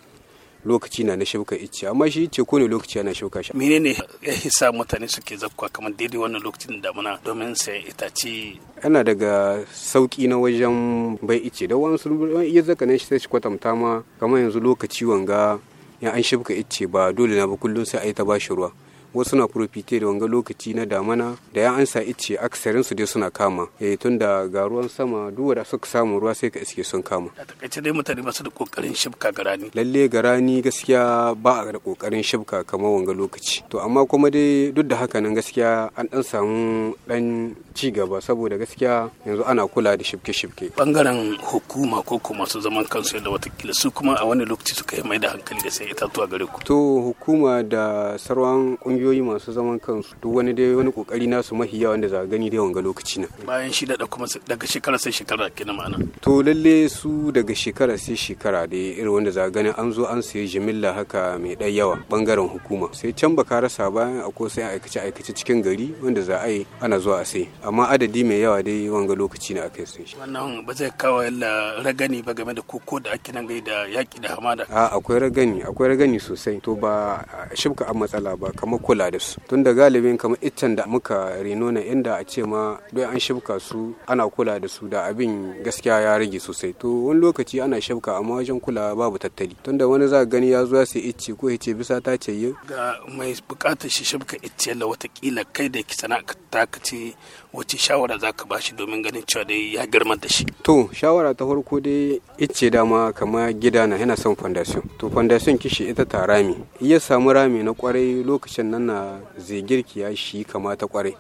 lokaci na na shauka icce amma shi icce ko ne lokaci yana shauka shi menene ya sa mutane suke zakkuwa kamar daidai wannan lokacin muna domin sai itace yana daga sauki na wajen bai ice da wani sun iya zaka ne shi sai shi kwatamta ma kamar yanzu lokaci wanga ya an shibka icce ba dole na ba kullum sai a yi ta bashi ruwa wasu na profite da wanga lokaci na damana da ya ansa ice aksarin su dai suna kama eh tunda ga ruwan sama duk da suka samu ruwa sai ka iske sun kama a takaice dai mutane ba su da kokarin shibka garani lalle garani gaskiya ba a da kokarin shibka kamar wanga lokaci to amma kuma dai duk da haka nan gaskiya an dan samu dan ci gaba saboda gaskiya yanzu ana kula da shibke-shibke bangaren hukuma ko kuma su zaman kansu da watakila su kuma a wani lokaci suka yi mai da hankali da sai itatuwa gare ku to hukuma da sarwan kungiyoyi masu zaman kansu duk wani dai wani kokari nasu mahiya wanda za gani dai wanga lokaci na bayan shi da kuma daga shekara sai shekara na ma'ana to lalle su daga shekara sai shekara dai irin wanda za gani an zo an sayi jimilla haka mai dan yawa bangaren hukuma sai can baka rasa bayan ko sai aikace aikace cikin gari wanda za a yi ana zuwa a sai amma adadi mai yawa dai wanga lokaci na aka sai shi wannan ba zai kawo yalla ragani ba game da koko da ake nan gai da yaki da hamada a akwai ragani akwai ragani sosai to ba shibka a matsala ba kamar kula da su tun da galibin kamar iccen da muka reno na inda a ce ma duk an shibka su ana kula da su da abin gaskiya ya rage sosai to wani lokaci ana shibka amma wajen kula babu tattali tun da wani za gani ya zo ya sai icce ko ce bisa ta ce ga mai bukatar shi shibka icce la watakila kai da ki sana'a ta ce wace shawara za ka bashi domin ganin cewa dai ya girma da shi to shawara ta farko dai ice dama kama gida na yana son fondation to fondation kishi ita ta rami iya samu rami na kwarai lokacin nan na zai girki ya shi kama ta kwarai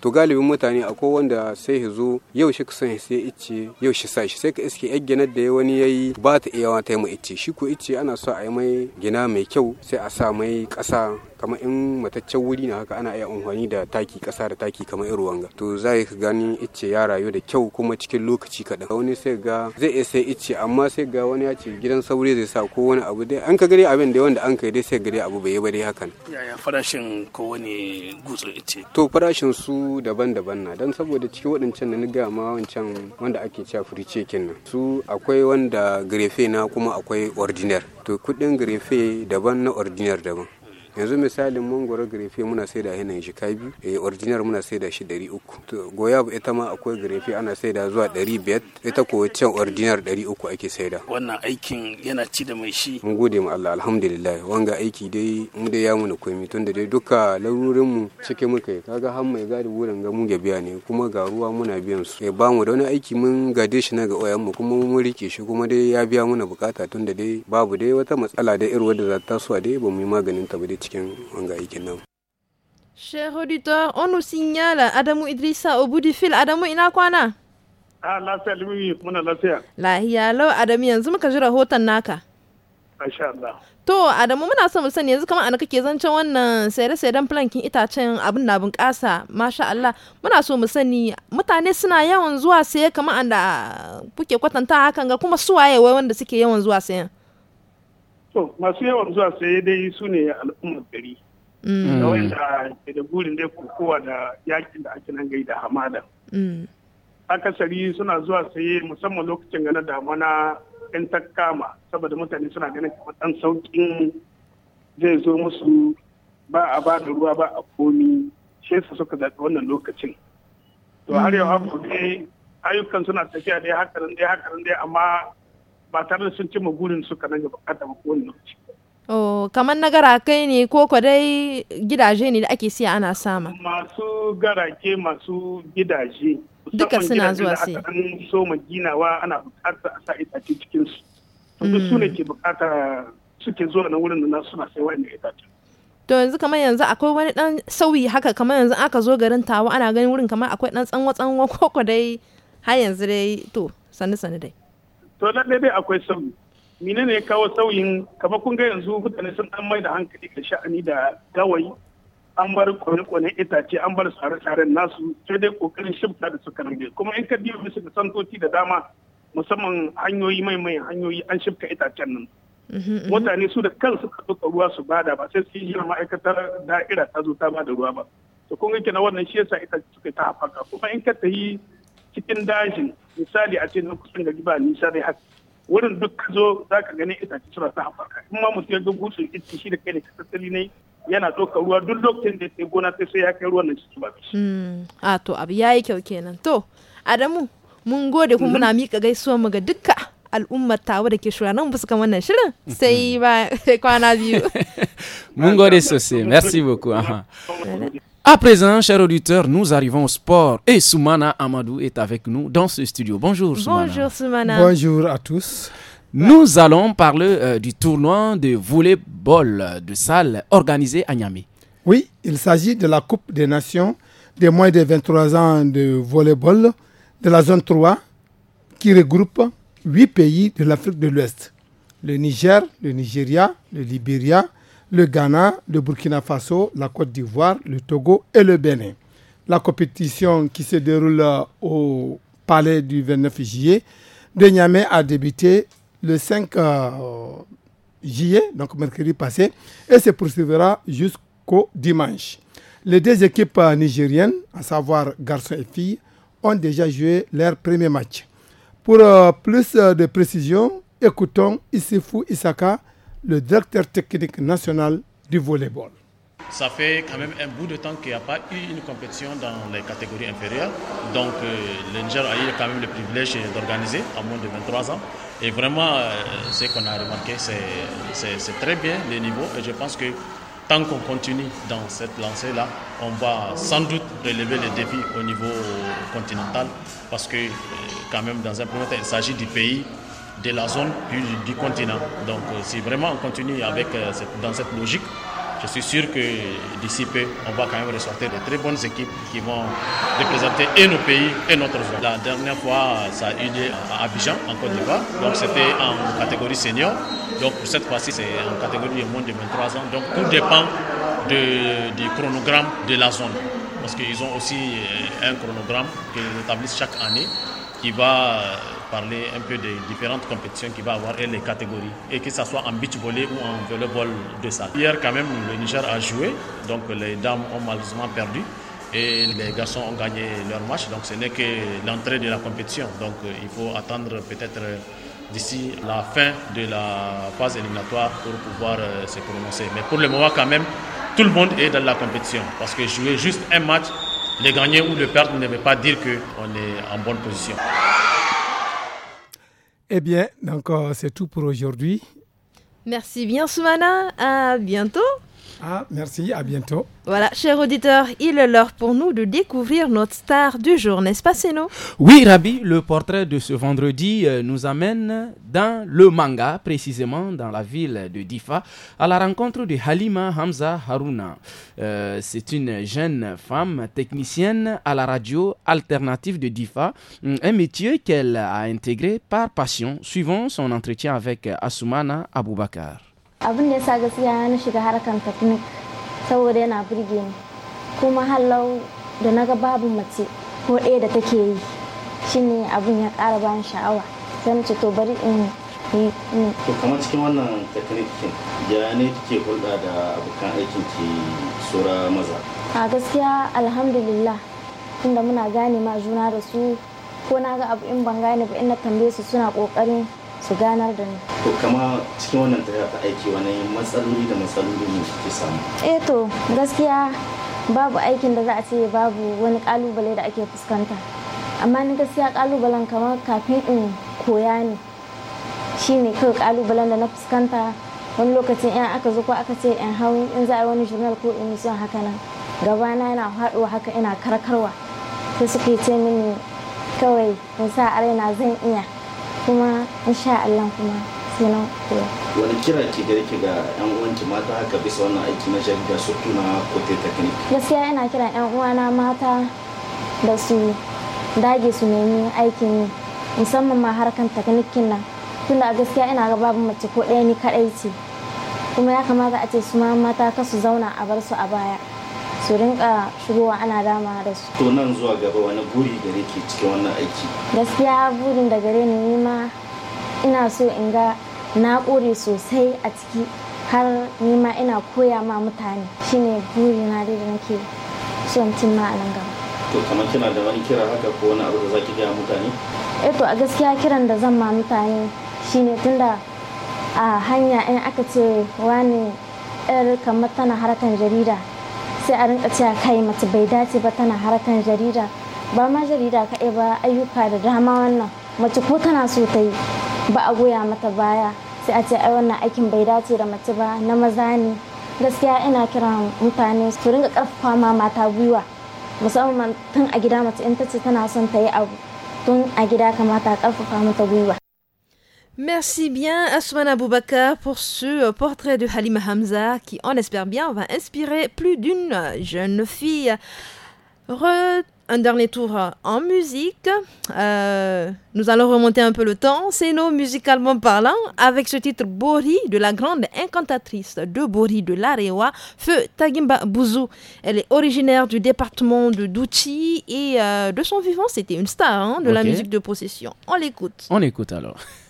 to galibin mutane akwai wanda sai ya zo yau shi kusan sai ice yau shi sa shi sai ka iske yar ginar da wani ya yi ba ta iya ta mu ice shi ko ice ana so a yi mai gina mai kyau sai a sa mai kasa kamar in mataccen wuri na haka ana iya amfani da taki kasa da taki kamar irin wanga to za ka gani ice ya rayu da kyau kuma cikin lokaci kaɗan wani sai ga zai iya sai ice amma sai ga wani ya ce gidan sauri zai sa ko wani abu dai an ka gare abin da wanda an kai dai sai gare abu bai yi ba dai hakan yaya farashin ko wani gutsu ice to farashin su daban-daban na dan saboda cikin waɗancan da ni ga ma wancan wanda ake cewa furice na. su akwai wanda grefe na kuma akwai ordinaire to kuɗin grefe daban na ordinaire daban yanzu misalin mangoro grefe muna sai da hinan shi biyu e original muna sai da shi dari uku to goyab ita ma akwai grefe ana sai da zuwa dari biyar ita ko can original dari uku ake sai da wannan aikin yana ci da mai shi mun gode ma Allah alhamdulillah wanga aiki dai mu dai ya muna komi da dai duka larurin mu cike muka yi kaga har mai gadi wurin ga mu biya ne kuma ga ruwa muna biyan su eh, ba mu da wani aiki mun gade shi na ga oyan mu kuma mun rike shi kuma dai ya biya muna bukata tun da dai babu dai wata matsala dai irin wadda za ta tasowa dai ba mu yi maganin ta ba dai cikin wanga aikin nan Cher auditeur, onu signala Adamu Idrissa au bout du fil. Adamu ina kwana? Ah, lafiya limimi muna lafiya. Lahiya lau Adamu yanzu muka ji rahoton naka. Masha Allah. To Adamu muna son mu sani yanzu kamar anaka ke zancen wannan sayar-sayar plankin itacen abin na bunƙasa. Masha Allah. Muna so mu sani mutane suna yawan zuwa saye kamar anda kuke kwatanta hakan ga kuma suwaye wai wanda suke yawan zuwa sayan. to masu yawan zuwa sai dai su ne al'ummar gari mm. da wanda ke da burin dai kokowa da yakin da ake nan gai da hamada mm. akasari suna zuwa saye musamman lokacin gana damana yan takama saboda mutane suna ganin kamar dan saukin zai zo musu ba a ba da ruwa ba a komi shi su suka zaɓi wannan lokacin to har yau mm. haka dai ayyukan suna tafiya dai hakanan dai hakanan dai amma ba tare da sun ci magurin suka nan gaba kada ba kowane lokaci. Oh, kamar na kai ne ko ko dai gidaje ne da ake siya ana sama. Masu garake masu gidaje. Duka suna zuwa sai. An so ma ginawa ana bukatar a sa itace cikin su. Duk su mm. ne ke bukata suke zuwa na wurin da na suna sai wa'annan itace. To yanzu kamar yanzu akwai wani dan sauyi haka kamar yanzu aka zo garin tawa ana ganin wurin kamar akwai dan tsanwa tsanwa ko ko dai har yanzu dai to sani sani dai. to lalle dai akwai sauyi mine ne kawo sauyin kamar kun ga yanzu mutane sun dan mai da hankali da sha'ani da gawayi an bar kone-kone itace an bar sare-sare nasu sai dai kokarin shifta da suka rage kuma in ka biyo bisa da santoci da dama musamman hanyoyi mai mai hanyoyi an shifka itacen nan mm-hmm, mm-hmm. mutane su da kansu ka duka ruwa su bada ba sai su yi ma'aikatar da'ira ta zo ta bada ruwa ba to kun ga na wannan shi yasa itace suka ta haɓaka kuma in ka yi cikin dajin misali a ce na kusan gari ba nisa dai haka wurin duk zo za ka gani itace suna ta haɓaka in ma mutum ya ga gusun ice shi da kai ne tattali ne yana ɗaukar ruwa duk lokacin da ya gona sai sai ya kai ruwan nan ciki ba hmm. a to abu ya yi kyau kenan to adamu mun gode kuma muna miƙa gaisuwa mu ga dukka al'ummar tawa da ke shura nan ba su kama wannan shirin sai ba kwana biyu mun gode sosai merci beaucoup À présent, chers auditeurs, nous arrivons au sport et Soumana Amadou est avec nous dans ce studio. Bonjour Soumana. Bonjour Soumana. Bonjour à tous. Nous allons parler euh, du tournoi de volleyball de salle organisé à Niamey. Oui, il s'agit de la Coupe des Nations des moins de 23 ans de volleyball de la zone 3 qui regroupe 8 pays de l'Afrique de l'Ouest. Le Niger, le Nigeria, le Libéria, le Ghana, le Burkina Faso, la Côte d'Ivoire, le Togo et le Bénin. La compétition qui se déroule euh, au palais du 29 juillet de Niamey a débuté le 5 euh, juillet, donc mercredi passé, et se poursuivra jusqu'au dimanche. Les deux équipes euh, nigériennes, à savoir garçons et filles, ont déjà joué leur premier match. Pour plus de précision, écoutons Isifu Isaka, le directeur technique national du volleyball. Ça fait quand même un bout de temps qu'il n'y a pas eu une compétition dans les catégories inférieures. Donc euh, le Niger a eu quand même le privilège d'organiser à moins de 23 ans. Et vraiment, euh, ce qu'on a remarqué, c'est très bien les niveaux. Et je pense que tant qu'on continue dans cette lancée-là, on va sans doute relever les défis au niveau continental. Parce que euh, quand même, dans un premier temps, il s'agit du pays de la zone du, du continent. Donc euh, si vraiment on continue avec, euh, dans cette logique, je suis sûr que d'ici peu, on va quand même ressortir de très bonnes équipes qui vont représenter et nos pays et notre zone. La dernière fois, ça a eu lieu à Abidjan, en Côte d'Ivoire. Donc c'était en catégorie senior. Donc pour cette fois-ci, c'est en catégorie moins de 23 ans. Donc tout dépend du chronogramme de la zone. Parce qu'ils ont aussi euh, un chronogramme qu'ils établissent chaque année qui va parler un peu des différentes compétitions qu'il va avoir et les catégories, et que ce soit en beach volley ou en volleyball de salle. Hier, quand même, le Niger a joué, donc les dames ont malheureusement perdu. Et les garçons ont gagné leur match, donc ce n'est que l'entrée de la compétition. Donc euh, il faut attendre peut-être euh, d'ici la fin de la phase éliminatoire pour pouvoir euh, se prononcer. Mais pour le moment quand même, tout le monde est dans la compétition. Parce que jouer juste un match, le gagner ou le perdre ne veut pas dire qu'on est en bonne position. Eh bien, donc euh, c'est tout pour aujourd'hui. Merci bien Soumana, à bientôt. Ah, merci, à bientôt. Voilà, chers auditeurs, il est l'heure pour nous de découvrir notre star du jour, n'est-ce pas, Seno Oui, Rabi, le portrait de ce vendredi euh, nous amène dans le manga, précisément dans la ville de Difa, à la rencontre de Halima Hamza Haruna. Euh, c'est une jeune femme technicienne à la radio alternative de Difa, euh, un métier qu'elle a intégré par passion, suivant son entretien avec Asumana Aboubakar. abin da ya sa gaskiya na shiga harkan teknik saboda yana burge ni kuma halau da naga babu mace ko ɗaya da take yi shine abin ya ƙara bani sha'awa sai na ce to bari in yi to kamar cikin wannan technique ya ne kike hulɗa da abokan aikin ki sura maza a gaskiya alhamdulillah tunda muna gane ma juna da su ko na ga abu in ban gane ba ina tambaye su suna ƙoƙarin su ganar da ni to kama cikin wannan tafiya ta aiki wani matsaloli da matsaloli ne kike samu eh to gaskiya babu aikin da za a ce babu wani kalubale da ake fuskanta amma ni gaskiya kalubalen kamar kafin in koya ne shine kawai kalubalen da na fuskanta wani lokacin in aka zo ko aka ce in hau in za a yi wani journal ko in yi haka nan gabana yana haɗuwa haka ina karkarwa sai yi ce mini kawai in sa a zan iya kuma sha Allah kuma sai kuwa. wani kira ki da ki ga yan uwanki mata haka bisa wannan aiki na jarida su kuma kote technique gaskiya ina kira yan uwana mata da su dage su nemi aikin yi musamman ma harkan taknikin nan tunda a gaskiya ina ga babu mace ko ɗaya ni kaɗai ce kuma ya kamata a ce su ma mata ka su zauna a bar su a baya su rinka shigowa ana dama da su. To nan zuwa gaba wani buri gare ke cikin wannan aiki? Gaskiya burin da gare ni ma ina so in ga na kore sosai a ciki har ni ma ina koya ma mutane shine buri na da nake son cimma a nan gaba. To kamar kina da wani kira haka ko wani abu da zaki gaya mutane? Eh to a gaskiya kiran da zan ma mutane shine tunda a hanya in aka ce wani yar kamar tana harkar jarida sai a rinka cewa kai mace bai dace ba tana harkan jarida ba ma jarida kaɗai ba ayyuka da dama wannan mace ko tana so ta yi ba a goya mata baya sai a ce ai wannan aikin bai dace da mace ba na maza ne gaskiya ina kiran mutane su ringa karfafa ma mata gwiwa musamman tun a gida mace in ta ce tana son ta yi abu tun a gida kamata a karfafa mata gwiwa Merci bien Asmana Boubaka pour ce euh, portrait de Halima Hamza qui, on espère bien, va inspirer plus d'une jeune fille. un dernier tour en musique. Euh, nous allons remonter un peu le temps, c'est nos musicalement parlant, avec ce titre Bori de la grande incantatrice de Bori de l'Arewa, Feu Tagimba Bouzou. Elle est originaire du département de Douti et euh, de son vivant, c'était une star hein, de la musique de possession. On l'écoute. On l'écoute alors.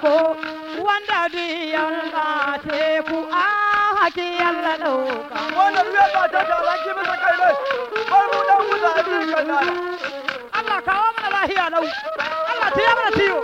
ko wanda diyan na teku a haki yalla dauka wannan ruwa ba ta da ki masa kai ne bar mu dan wuta a duniya Allah kawo mana lahiya nau Allah tiya mana tiyo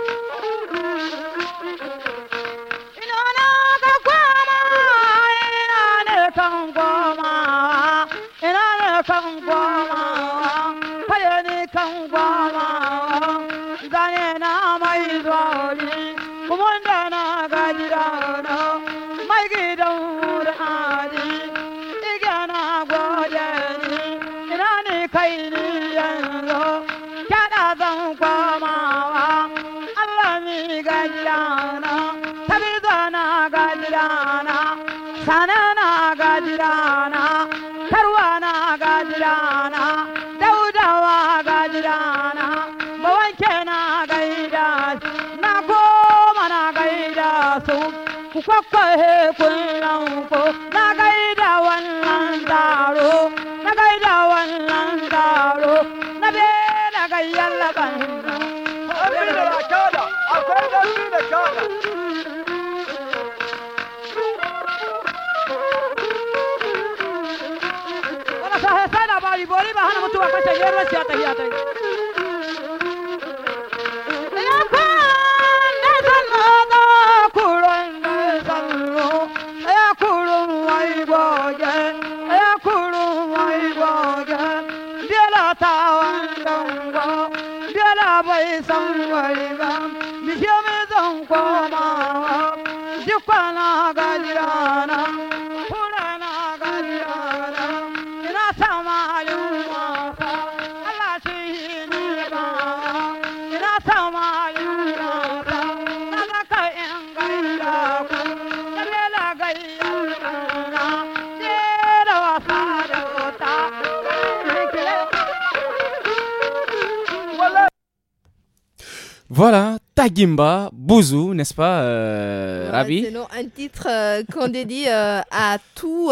Voilà, Tagimba, Bouzou, n'est-ce pas, euh, Rabi C'est un titre euh, qu'on dédie euh, à tout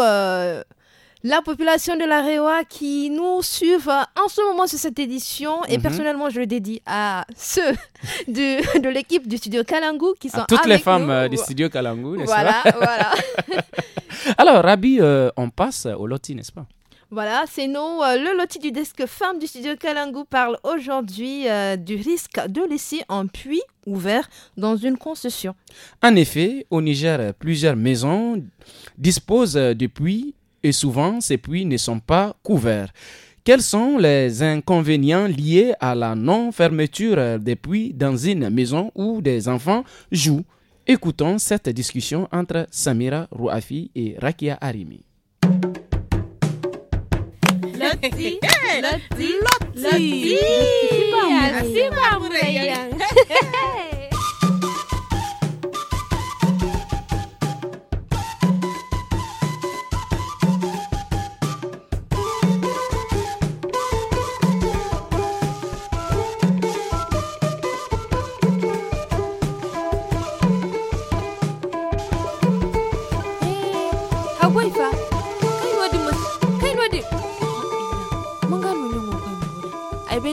la population de la Réoa qui nous suivent en ce moment sur cette édition. Et mhm. personnellement, je le dédie à ceux de, l'équipe du studio Kalangu qui sont à toutes les femmes du studio Kalangu, n'est-ce pas Voilà, voilà. Alors, Rabi, on passe au loti, n'est-ce pas voilà, c'est nous. Euh, le loti du desk femme du studio Kalangu parle aujourd'hui euh, du risque de laisser un puits ouvert dans une concession. En effet, au Niger, plusieurs maisons disposent de puits et souvent ces puits ne sont pas couverts. Quels sont les inconvénients liés à la non-fermeture des puits dans une maison où des enfants jouent Écoutons cette discussion entre Samira Rouafi et Rakia Arimi c'est loti, C'est c'est C'est Loti.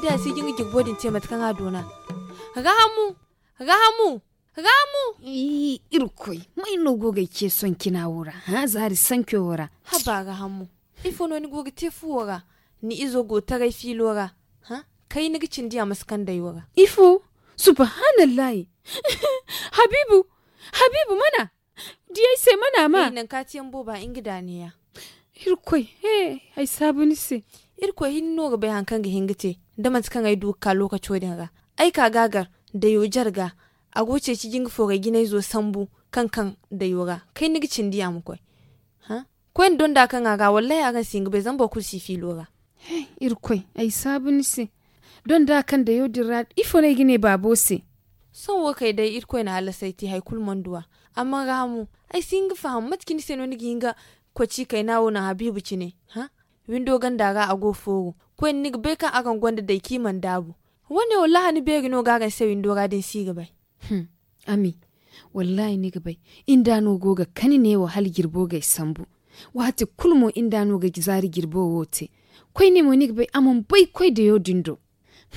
beda si jingi jig bodin ce mata kan adona ramu ramu ramu irkoi mai no goga ke son kina wura ha zari san ke wura ha ba ramu ifo no ni goga te fuwara ni izo go fi filora ha kai ni gicin diya maskan da yora ifo subhanallah. habibu habibu mana diya sai mana ma nan ka tiyan boba ingida ne ya irkoi he ai sabuni se irkoi hinno ga bai hankan ga hingite da man kan ai duka lokaci wadin ga ai ka gagar da yo jarga a goce ci jing foga gina zo sambu kan kan da ga kai ni gicin diya mu koi ha kwen don da kan aga wallahi kan singa bai zan ba ku si filora hey irkoi ai sabun si don da kan da yau dirra ifo ne gine bo si son wo kai dai irkwai na halasaiti haikul manduwa amma ga mu ai singa faham matkin senoni ginga kwaci kai na na habibu ne ha windo a ago fogo kwen nik be kan akan gwanda da man dabu wani wallahi ni begi no gagan sewin dora gadin si gaba. hmm. ami wallahi ni gaba inda no goga kani ne wa hal girbo gai sambu wati kulmo inda no ga zari girbo wote Kwen ne mo ni gaba amon bai kwai da yo dindo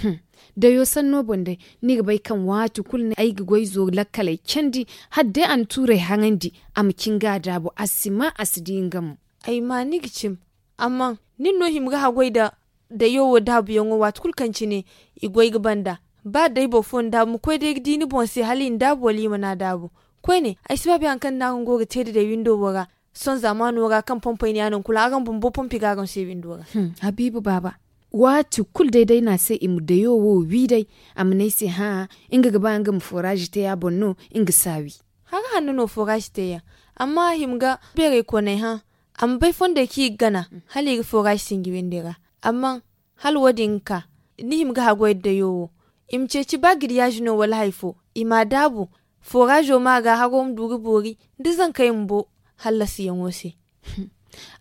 hmm. da yo san no bonde ni gabai kan wati kulne ai gwai zo lakkalai kendi hadde an ture hangandi am kinga dabu asima asidin gamu ai ma ni gicim amma nin no himga da da yowo da buyon wat kulkan cine gaban da ba dai bofon da mu koi dai dini bon se halin da boli mana dabu kwai ne ai sibabe an kan na hungo ga tede da window wora son zamanu wora kan pompo ne anan kula agan bumbo pompi ga gan se window wora hmm, habibu baba watu kul daidai na sai imu da yowo wi dai amne se ha inga gaba anga mu foraji te ya bonno inga sawi haka hannu no foraji te ya amma himga bere ko ne ha am bai fonda ki gana hmm. hali foraji singi windira amma hal wadinka nihim ga da yowo im ceci shi yajino wala haifo ima dabu forajo ma ga hagom dugi bori da zan kai mbo halla siyan wose hmm.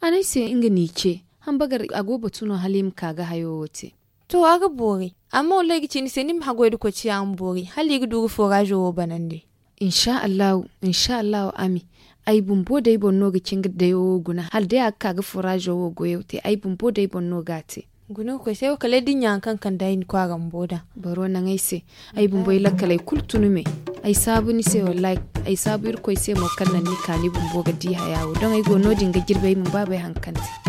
anai se inga ni ce han bagar agoba tuno halim ga hayo wote to aga bori amma wallahi ni se nim hagoyda ko ci an bori hali ga dugi forajo wo banande insha Allah insha Allah ami ay bumbo day bonno ga cingir da yo guna hal da akka ga furajo wo goyo te ay bumbo day bonno gate guna ko sai kale ledin yankan kan da yin kwa mboda. baro nan ai se ay bumbo ila kala kultunu me ay sabu ni se wallahi ay sabu ir ko sai mo kan ni kali bumbo ga di hayawo don ay go nodin ga girbe mun babai hankanti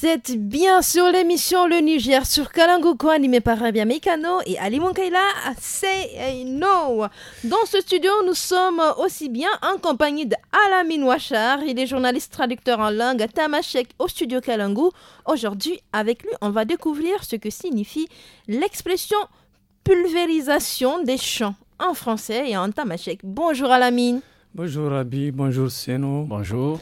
vous êtes bien sur l'émission Le Niger sur Kalangouko, animé par Rabia Mekano et Ali Moukaila, Say No. Dans ce studio, nous sommes aussi bien en compagnie d'Alamin Wachar, il est journaliste traducteur en langue à au studio Kalangou. Aujourd'hui, avec lui, on va découvrir ce que signifie l'expression pulvérisation des champs en français et en tamashek. Bonjour Alamine. Bonjour Rabi, bonjour Seno. Bonjour.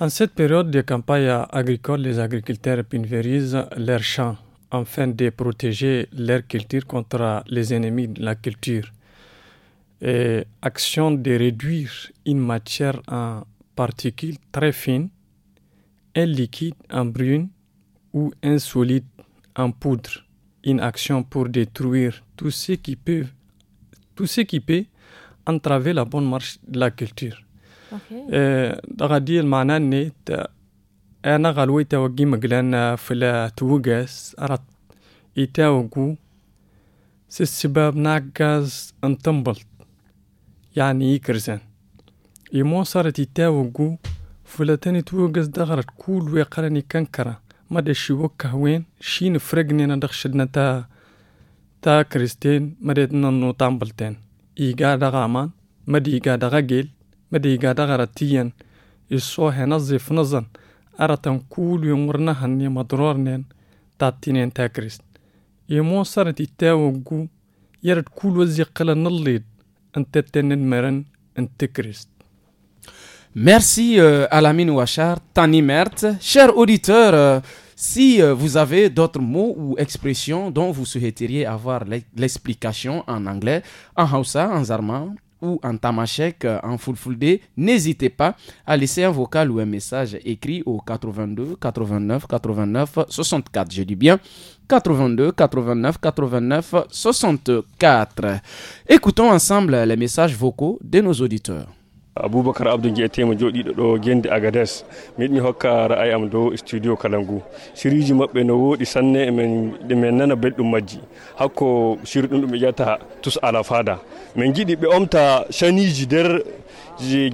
En cette période de campagne agricole, les agriculteurs pulvérisent leurs champs afin de protéger leur culture contre les ennemis de la culture. Et action de réduire une matière en particules très fines, un liquide en brune ou un solide en poudre. Une action pour détruire qui tout ce qui peut entraver la bonne marche de la culture. غادي المعنى آه، اني آه، انا غالوي توجي مجلان آه، فلا توجاس ارات يتاوغو سي السباب نعكاز انتنبلت يعني يكرزان يمو صارت يتاوجو فلا تاني توجاس دغرت كل ويقراني كنكرا ما دا شي وكه وين شين نفرقني انا دخشدنا تا تا كريستين مريتنا نو تامبلتين غامان دغامان مدي ايقا دغاقيل is isoo hena zifnazan aratan kuuliyon warnahan yamadrornen tatinen tagrist yemo sarat itawagu yarad kuulwa ziqala nallid antatenen maran antikrist Merci euh, Alamine Ouachar, Tani Mert. Chers auditeurs, euh, si euh, vous avez d'autres mots ou expressions dont vous souhaiteriez avoir l'explication en anglais, en Hausa, en Zarma, ou en tamashek euh, en full full day, n'hésitez pas à laisser un vocal ou un message écrit au 82 89 89 64. Je dis bien 82 89 89 64. Écoutons ensemble les messages vocaux de nos auditeurs. abubakar abdul ge tema jodi do gendi agades mid mi hokka ra'ayi am do studio kalangu siriji mabbe no wodi sanne e men e me nana beldum majji hakko shirdum dum yata tus ala fada men gidi be omta chaniji der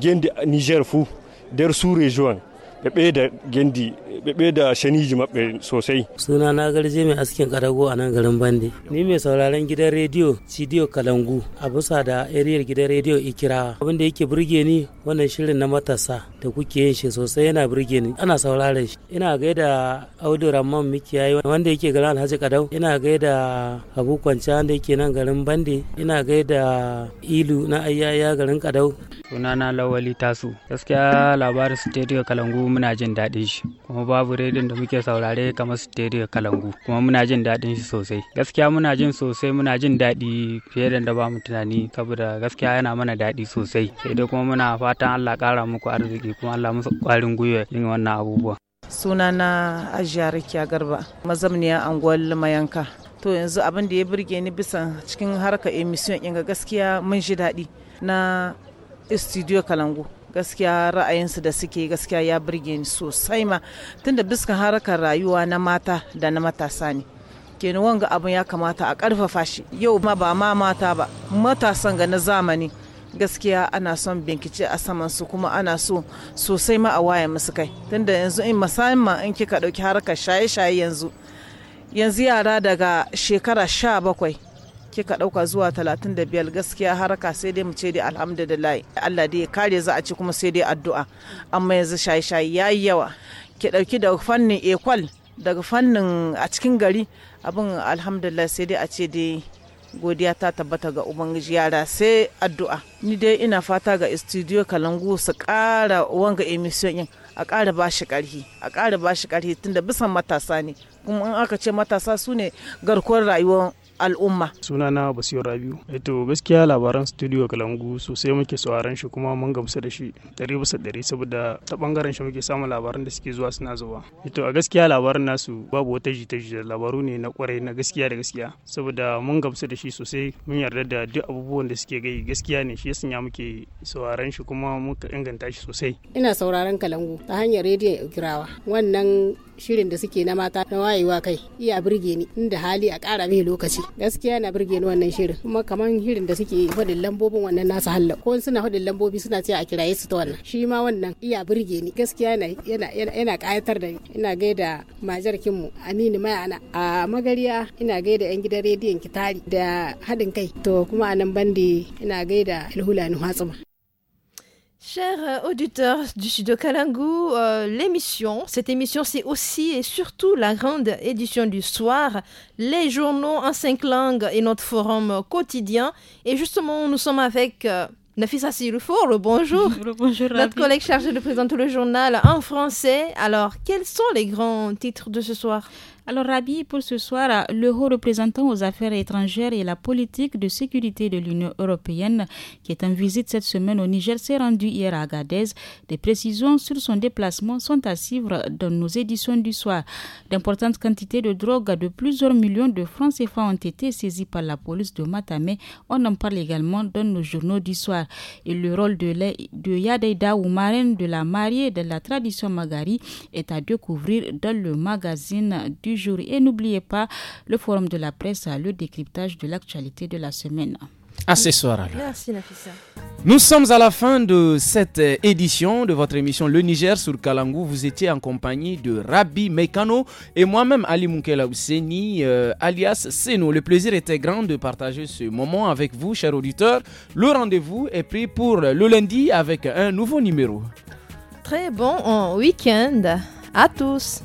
gendi niger fu der sous région bebe da gindi bebe da shaniji sosai suna na garje mai askin karago a nan garin bande ni mai sauraron gidan rediyo cidiyo kalangu a bisa da ariyar gidan rediyo ikirawa abin da yake burge ni wannan shirin na matasa da kuke yin shi sosai yana burge ni ana sauraron shi ina gaida audu ramman yayi wanda yake garin alhaji kadau ina gaida abu kwanci wanda yake nan garin bande ina gaida ilu na ayyaya garin kadau sunana lawali tasu gaskiya labarin su kalangu muna jin daɗin shi kuma babu redon da muke saurare kamar stereo kalangu kuma muna jin daɗin shi sosai gaskiya muna jin sosai muna jin daɗi fiye da ba mu tunani saboda gaskiya yana mana daɗi sosai sai dai kuma muna fatan Allah ƙara muku arziki kuma Allah musu ƙwarin gwiwa yin wannan abubuwa sunana ajiya rikiya garba mazamniya anguwar mayanka to yanzu abin da ya burge ni bisa cikin harka emission ɗin gaskiya mun ji daɗi na studio kalangu gaskiya ra'ayinsu da suke gaskiya ya burge ni sosai ma tunda biskan harkar rayuwa na mata da na matasa ne kenan wanga abin ya kamata a karfafa shi yau ma ba ma mata ba matasan ga na zamani gaskiya ana son binkice a saman su kuma ana so sosai ma a waye musu kai tunda yanzu in musamman in kika ɗauki harkar shaye-shaye yanzu yanzu yara daga shekara sha bakwai kika ɗauka zuwa 35 gaskiya haraka sai dai mu ce dai alhamdulillah Allah dai ya kare za a ci kuma sai dai addu'a amma yanzu shayi ya yi yawa ki dauki da fannin ekwal daga fannin a cikin gari abin alhamdulillah sai dai a ce dai godiya ta tabbata ga ubangiji yara sai addu'a ni dai ina fata ga studio kalangu su ƙara wanga emission yin a ƙara ba shi ƙarfi a ƙara ba shi ƙarfi tunda bisan matasa ne kuma in aka ce matasa su ne garkuwar rayuwar al'umma. Sunana Basiru Rabiu. Eto eh gaskiya labaran studio Kalangu sosai muke sauraron shi kuma mun gamsu da shi dari bisa dari saboda ta bangaren shi muke samun labaran da suke zuwa suna zuwa. Eto eh a gaskiya labaran nasu babu wata jita jita labaru ne na kwarai na gaskiya da gaskiya saboda mun gamsu da shi sosai mun yarda da duk abubuwan da suke gai gaskiya ne shi ya muke sauraron shi kuma muka inganta shi sosai. Ina sauraron Kalangu ta hanyar rediyon Igirawa wannan shirin da suke na mata na wayewa kai iya birge ni inda hali a kara mai lokaci gaskiya na birge ni wannan shirin kuma kamar shirin da suke hudin lambobin wannan nasu halla ko suna hudin lambobi suna cewa a kiraye su ta wannan shi ma wannan iya birge ni gaskiya yana yana ƙayatar da ni ina gaida majar kinmu Aminu Mayana a magariya ina gaida yan gidan rediyon Kitari da haɗin kai to kuma a nan bandi ina gaida Alhulani Hatsuma Chers euh, auditeurs du Sud Kalangu, euh, l'émission, cette émission, c'est aussi et surtout la grande édition du soir, les journaux en cinq langues et notre forum quotidien. Et justement, nous sommes avec euh, Nafisa Sirufour, le bonjour. bonjour notre collègue chargé de présenter le journal en français. Alors, quels sont les grands titres de ce soir alors Rabi, pour ce soir, le haut représentant aux affaires étrangères et la politique de sécurité de l'Union européenne, qui est en visite cette semaine au Niger, s'est rendu hier à Agadez. Des précisions sur son déplacement sont à suivre dans nos éditions du soir. D'importantes quantités de drogue de plusieurs millions de francs CFA ont été saisies par la police de Matamé. On en parle également dans nos journaux du soir. Et le rôle de, la, de Yadeida ou marraine de la mariée de la tradition magari est à découvrir dans le magazine du jour. Et n'oubliez pas le forum de la presse, le décryptage de l'actualité de la semaine. À ce soir alors. Merci Nafissa. Nous sommes à la fin de cette euh, édition de votre émission Le Niger sur Kalangou. Vous étiez en compagnie de Rabbi Mekano et moi-même Ali Moukela euh, alias Seno. Le plaisir était grand de partager ce moment avec vous, chers auditeurs. Le rendez-vous est pris pour le lundi avec un nouveau numéro. Très bon week-end à tous.